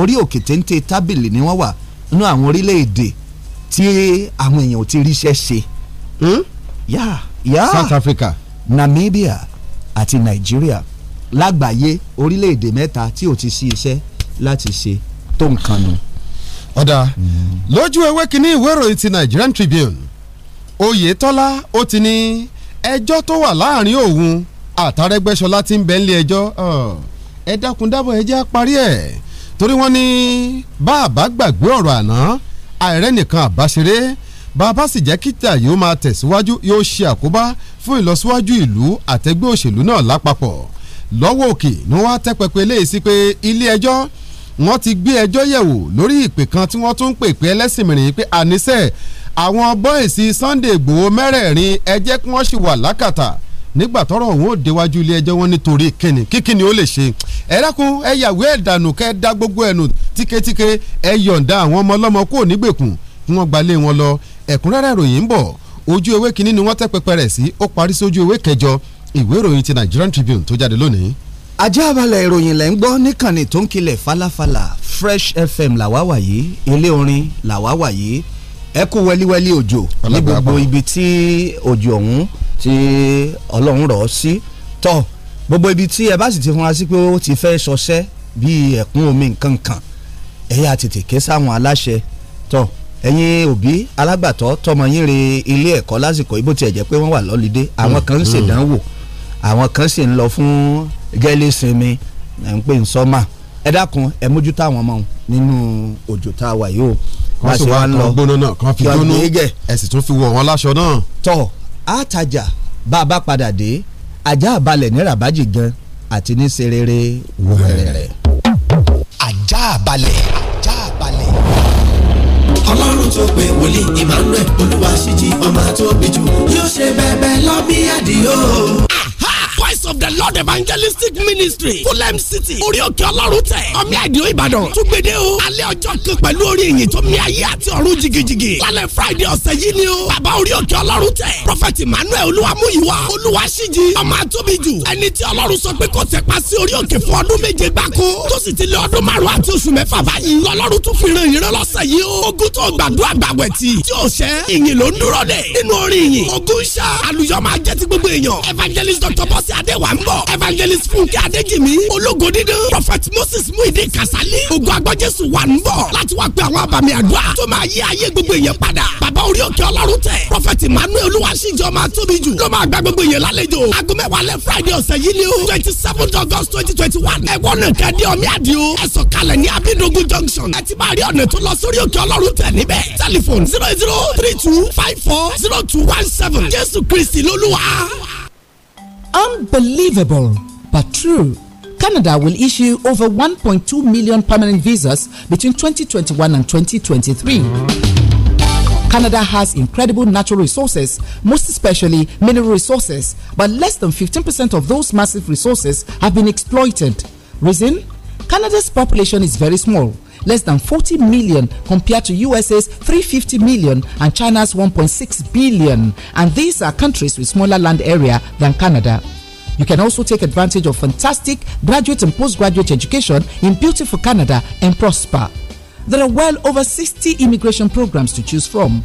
orí òkè téńté tábìlì ni wọ́n wà nínú àwọn orílẹ̀-èdè tí àwọn èèyàn ò ti ríṣẹ́ ṣe. Hmm? South Africa Namibia àti Nigeria, lágbàáyé orílẹ̀-èdè mẹ́ta tí ò ti sí iṣẹ́ láti ṣe tó nǹkan nu ọ̀dà mm. lójú ewé kínní ìwé ìròyìn ti Nigerian Tribune Oyetola ó ti ní ẹjọ́ tó wà láàrin òun àtàrẹ́gbẹ́sọlá ti ń bẹ nílé ẹjọ́ ẹ dákun dábọ̀ ẹ jẹ́ àparí ẹ̀ torí wọ́n ní bá a bá gbàgbé ọ̀rọ̀ àná àìrẹ́ nìkan àbáṣeré bàbá sì jẹ́ kíta yóò máa tẹ̀síwájú yóò ṣe àkóbá fún ìlọsíwájú ìlú àtẹgbẹ́ òṣèlú náà lápapọ̀ lọ́wọ́ òkè ni wọ́n á tẹ́pẹpẹ léyìí pé ilé ẹjọ́ wọ́n ti gbé ẹjọ́ yẹ̀wò lórí ìpè kan tí wọ́n tún ń pè pé ẹlẹ́sìn mìíràn pé àníṣe àwọn bọ́ìsì Sunday Ìgbòho mẹ́rẹ̀ẹ̀rin ẹ jẹ́ kí wọ́n sì wà lákàtà nígbà tọ́rọ̀ òun ò déwájú ilé ẹjọ́ wọn nítorí kíni kíkíni ó lè ṣe ẹ dákun ẹ yàwé ẹ̀dànù kẹ́ ẹ dá gbogbo ẹnu tíketíke ẹ yọ̀ǹda àwọn ọmọ ọlọ́mọ kúrò nígbèkùn kí wọ́n gbalé wọn lọ ẹ̀kúnrẹ́rẹ́ ìròyìn ń bọ̀ ojú ewé kínní ni wọ́n tẹ́ pẹpẹ rẹ̀ sí ó parí sí ojú ewé kẹjọ ìwé ìròyìn ti Nigerian Tribune tó jáde lónìí ajábalẹ̀ ìròyìn lẹ́ ń gbọ́ níkànnì tó ń kilẹ̀ falafala fresh fm làwa wà yìí ilé orin làwa wà yìí ẹ kú wẹ́líwẹ́lí òjò ní gbogbo ibi tí òjò ọ̀hún tí ọlọ́run rọ̀ ọ́ sí tọ́ gbogbo ibi tí ẹ bá sì ti fún wa sí pé ó ti fẹ́ ṣọṣẹ́ bíi ẹ̀kún omi nǹkan kan ẹ̀yà tètè ké sáwọn aláṣẹ tọ́ ẹ̀yin òbí alágbàtọ́ tọmọ yín re ilé ẹ̀kọ́ lásìkò ibo tiẹ̀ jẹ́ pé wọ́n wà lọ́lídé àwọn mm, kan ń mm. ṣèdánwò àwọn kan sì ń lọ fún jẹ́lé sinmi ẹ̀ ń pè ń sọ́mà ẹ dákun ẹ mójútó àwọn ọmọ nínú òjò tá a wà yìí o kan sì wá kan gbóná náà kan fi gbóná ẹ sì tún fi wọ̀ wọ́n láṣọ náà. tọ àtàjà bá a bá padà dé ajá balẹ̀ ní rabaji gan àti ní serere wẹ̀rẹ̀. ajá balẹ̀ ajá balẹ̀. ọlọ́run tó pe wòlíì emmanuel olúwa ṣíjí ọmọ tó bí jù yóò ṣe bẹ́ẹ̀ bẹ́ẹ̀ lọ àdìo voice of the lord evangelistic ministry fulham city orí òkè ọlọ́run tẹ̀ ọmí àdìo ìbàdàn túgbèdè o alẹ́ ọjọ́ kan pẹ̀lú orí ìyìn tó mì ayé àti ọ̀run jigijigi lálẹ́ friday ọ̀sẹ̀ yìí ni o bàbá orí òkè ọlọ́run tẹ̀ prophet emmanuel olúwamúyíwá olúwaṣíjì ọmọ àtúbíjù ẹni tí ọlọ́run sọ pé kò tẹpá sí orí òkè fún ọdún méje gbáko tó sì ti lé ọdún márùn àti oṣù mẹ́fà báyìí lọ́lọ́run tún fi o ogun tó gbàdúrà gbàgbẹ́ tí tí ò ṣẹ́ ìyìn ló ń dúró dẹ̀ evangelist dr bọ́sẹ̀ fúnkẹ́ adéwà ń bọ̀ evangelist fúnkẹ́ adéjìmí ológo dídán prophet moses muhide kasali ògo agbọ́jésù wà ń bọ̀ láti wá pé àwọn abàmì àdúrà tó máa yí ayé gbogbo èèyàn padà bàbá orí òkè ọlọ́run tẹ̀ prophet emmanuel olúwaṣíjọ máa tóbi jù ló máa gba gbogbo èèyàn lálejò aago mẹ́wàá lẹ́ friday ọ̀sẹ̀ yìí ni o twenty seven august twenty twenty one ẹ̀wọ́n nìkan dé ọmí àdìo ẹ̀sọ̀ kalẹ̀ ní abidogun junction ẹ ti máa rí ọ̀nà tó lọ sórí òkè ọlọ́run tẹ̀ níbẹ̀ tẹlifon zero zero three two five four zero two one seven jésù kristi lólúwa. Unbelievable, but true. Canada will issue over 1.2 million permanent visas between 2021 and 2023. Canada has incredible natural resources, most especially mineral resources, but less than 15% of those massive resources have been exploited. Reason? Canada's population is very small less than 40 million compared to USA's 350 million and China's 1.6 billion. And these are countries with smaller land area than Canada. You can also take advantage of fantastic graduate and postgraduate education in beautiful Canada and prosper. There are well over 60 immigration programs to choose from.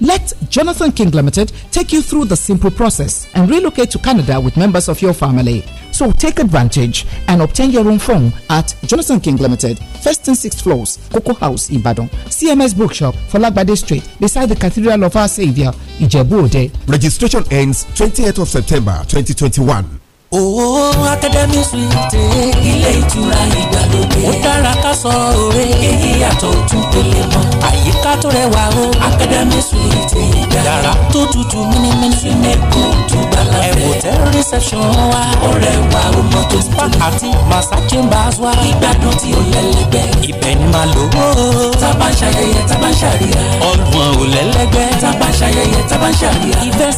Let Jonathan King Limited take you through the simple process and relocate to Canada with members of your family. So take advantage and obtain your own phone at Jonathan King Limited, first and sixth floors, Coco House, in Badon, CMS Bookshop, Lagbade Street, beside the Cathedral of Our Savior, Ijebu Ode. Registration ends 28th of September 2021. Owó oh, Akademi Suite. Ilé ìtura ìgbàlódé. Ó dára ká sọ òwe. Èyí yàtọ̀ ojú pele mọ́. Àyíká tó rẹwà o. Akademi Suite ìgbà. Yàrá tó tutù mímímí. Súnmẹ́kù tó gbàlá fẹ́. Ẹ̀wòtẹ́ reception wa. Ọ̀rẹ́ wa o mọ tó ti tó. Àti Massa Chambers wa. Ìgbádùn tí o lẹ́lẹ́gbẹ́. Ibẹ̀ ni màá lò. Tábà ń ṣayẹyẹ, tábà ń ṣàríyá. Ọgbọ̀n ò lẹ́lẹ́gbẹ́. Tábà ń ṣayẹyẹ, tábà ń ṣàríyá. Ìfẹ́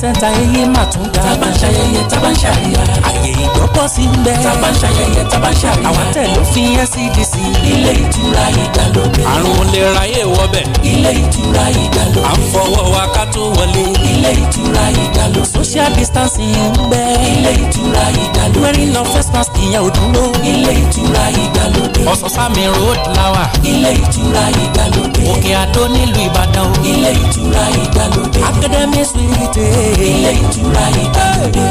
ààyè ìgbọ́pọ̀ sí ń bẹ́ẹ̀. tá a bá ń ṣayẹyẹ tá a bá ń ṣàríyá. àwọn tẹ̀ ló fi NCDC. E ilé ìtura ìdàlódé. àrùn olè ráyè wọbẹ̀. ilé ìtura ìdàlódé. à ń fọwọ́ wa ká tó wọlé. ilé ìtura ìdàlódé. social distancing ń bẹ. ilé ìtura ìdàlódé. wearing no face mask ìyẹn ò ilé ìtura ìdàlódé. ọ̀sánsámi road lawa. ilé ìtura ìdàlódé. òkè àdó nílùú ìbàdàn ilé ìtura ìdàlódé. academy suite. ilé ìtura ìdàlódé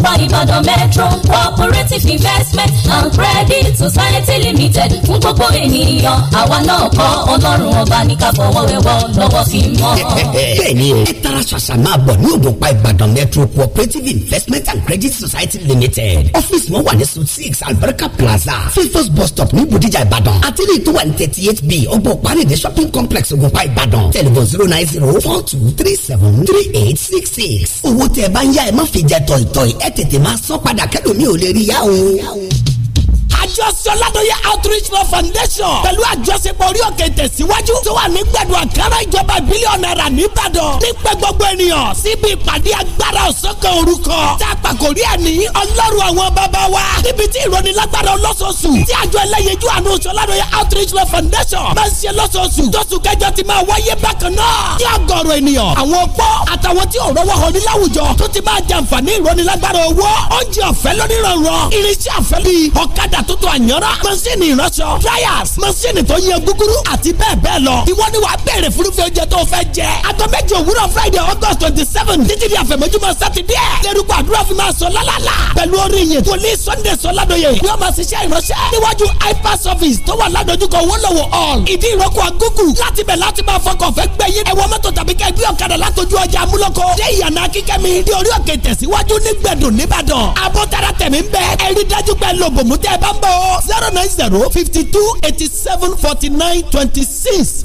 Pupa Ìbàdàn Metro Cooperative Investment and Credit Society Limited fún gbogbo ènìyàn àwa náà kọ́ ọlọ́run ọba ní ká fọwọ́ wẹ́wọ́ lọ́wọ́ fi mọ́. Bẹ́ẹ̀ni o, ẹ tara ṣàṣà máa bọ̀ ní Ògùnpa Ìbàdàn Metro Cooperative Investment and Credit Society Limited. Ọ́fíìsì wọn wà ní Sun six Alberca Plaza, Fifos bus stop ní Bódìjà Ìbàdàn àti ní ìtọ́wà ní thirty eight b ọgbọ̀n Parade Shopping Complex Ògùnpa Ìbàdàn. Telephone zero nine zero four two three seven three eight six six. Owó tẹ bá ń yá ẹ má fi jẹ tọ̀ìtọ̀ì ẹ tètè máa san padà kẹ́lòmí ò lè rí yá o àjọṣe ọ̀làdọ̀yẹ outreach law foundation pẹ̀lú àjọṣepọ̀ orí òkè tẹ̀síwájú tó wà ní gbẹ̀dọ̀ àkàrà ìjọba bílíọ̀nù náírà nìbàdàn nípẹ́ gbogbo ènìyàn síbi ìpàdé agbára ọ̀sọ́kan orúkọ tá a pàkórí ẹ̀ ní ọlọ́run àwọn bàbá wa níbi tí ìrónilágbára ọlọ́sọ̀ọ̀sù tí àjọ ẹlẹ́yinjú àánú ọ̀ṣọ́ládọ̀yẹ outreach law foundation máa ń ṣe lọ́sọ̀ọ̀sù tóṣù kẹjọ ti máa wáyé bákan náà tí ọgọ́rọ̀ ènìyàn àwọn opó àtàwọn tí ọ̀rọ̀ wọ̀ hàn ní láwùjọ tó ti máa jàǹfààní ìrónilágbára owó oúnjẹ ọ̀fẹ́ lónìrànrọ̀ irinṣẹ́ ọ̀fẹ́ bíi ọ̀kadà ṣàtúntò àyànrá mọ́ṣíìnì ìránṣọ fryers mọ́ṣíìnì tó yan gúgúrú àti bẹ́ẹ̀ bẹ́ẹ̀ lọ ìwọ ni wàá béèrè furuufee oúnjẹ tó fẹ́ jẹ àtọ́ méjì òwúrọ̀ friday august twenty seven títí di àfẹ̀mọ́júmọ́ sátidé lẹ́rùkọ àdúrà fi máa sọ lálàlà pẹ̀lú oríyìn wòlíì sunday sọládọ́yè yóò máa ṣiṣẹ́ ìránṣẹ́ níwájú ipa service tó wà ládojúkọ wọ́lọ́wọ́ hall ìdí ìrọ́kọ̀ agúgù láti bẹ̀ láti máa fọkàn fẹ́ gbẹ̀yìn ẹ̀wọ́ mọ́tò tàbí kẹ́ gbé ọ̀kadà látọjú ọjà amúlọ́kọ dé ìyànà akíkẹ́mi ní orí òkè tẹ̀síwájú nígbẹ̀dùn níbàdàn abọ́tara tẹ̀mí ń bẹ ẹ̀rí dájú pé lòbòmù tẹ́ ẹ bá nọ́mbà o zero nine zero fifty two eighty seven forty nine twenty six.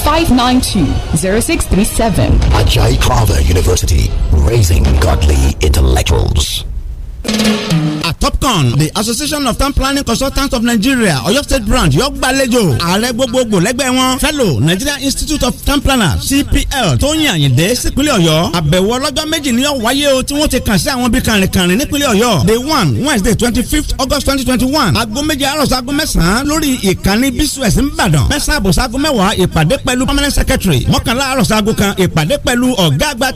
592-0637. Ajay Carver University, raising godly intellectuals. At topcon the association of town planning consultants of nigeria ọ̀yọ́ state branch yóò gbàlejò ààrẹ gbogbogbò lẹ́gbẹ́ wọn fellow nigeria institute of town planners cpl tóyìn àyìndé sípínlẹ̀ ọ̀yọ́ àbẹ̀wò ọlọ́jọ́ méjì ni yóò wáyé o tí wọ́n ti kàn sí àwọn bíi kàrìnkàrìn nípínlẹ̀ ọ̀yọ́ day one wednesday twenty fifth august twenty twenty one aago méje àròsọ aago mẹ́sàn-án lórí ìkànnì bcs nìbàdàn mẹ́sàn àbòsọ aago mẹ́wàá ìpàdé pẹ̀lú permanent secretary mọ́kànlá àròsọ aago kan ìpàdé pẹ̀lú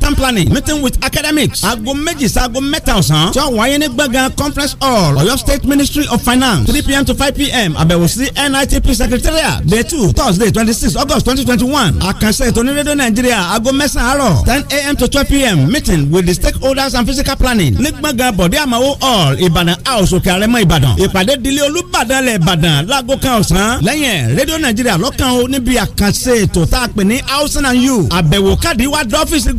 town planning meeting with academics aago méjì sí aago mẹ́ta ọ̀sán tí ní gbọ̀ngàn conference hall Ọ̀yọ́ state ministry of finance three pm to five pm àbẹ̀wò sí nitp secretariat day two thursday twenty six august twenty twenty one àkànṣe ètò ní rédíò nàìjíríà aago mẹ́sàn-án àárọ̀ ten am to twelve pm meeting with the stakeholders and physical planning ní gbọ̀ngàn bọ̀dé àmàwò hall ìbàdàn house òkè àrẹ̀mọ ìbàdàn ìpàdé dilé olúbàdàn lẹ̀ ìbàdàn láago kan ọ̀sán lẹ́yìn rédíò nàìjíríà lọ́kàn o níbi àkànṣe ètò tá a pè ní housing and you àbẹ̀wò káàdì wá dọ́fíìsì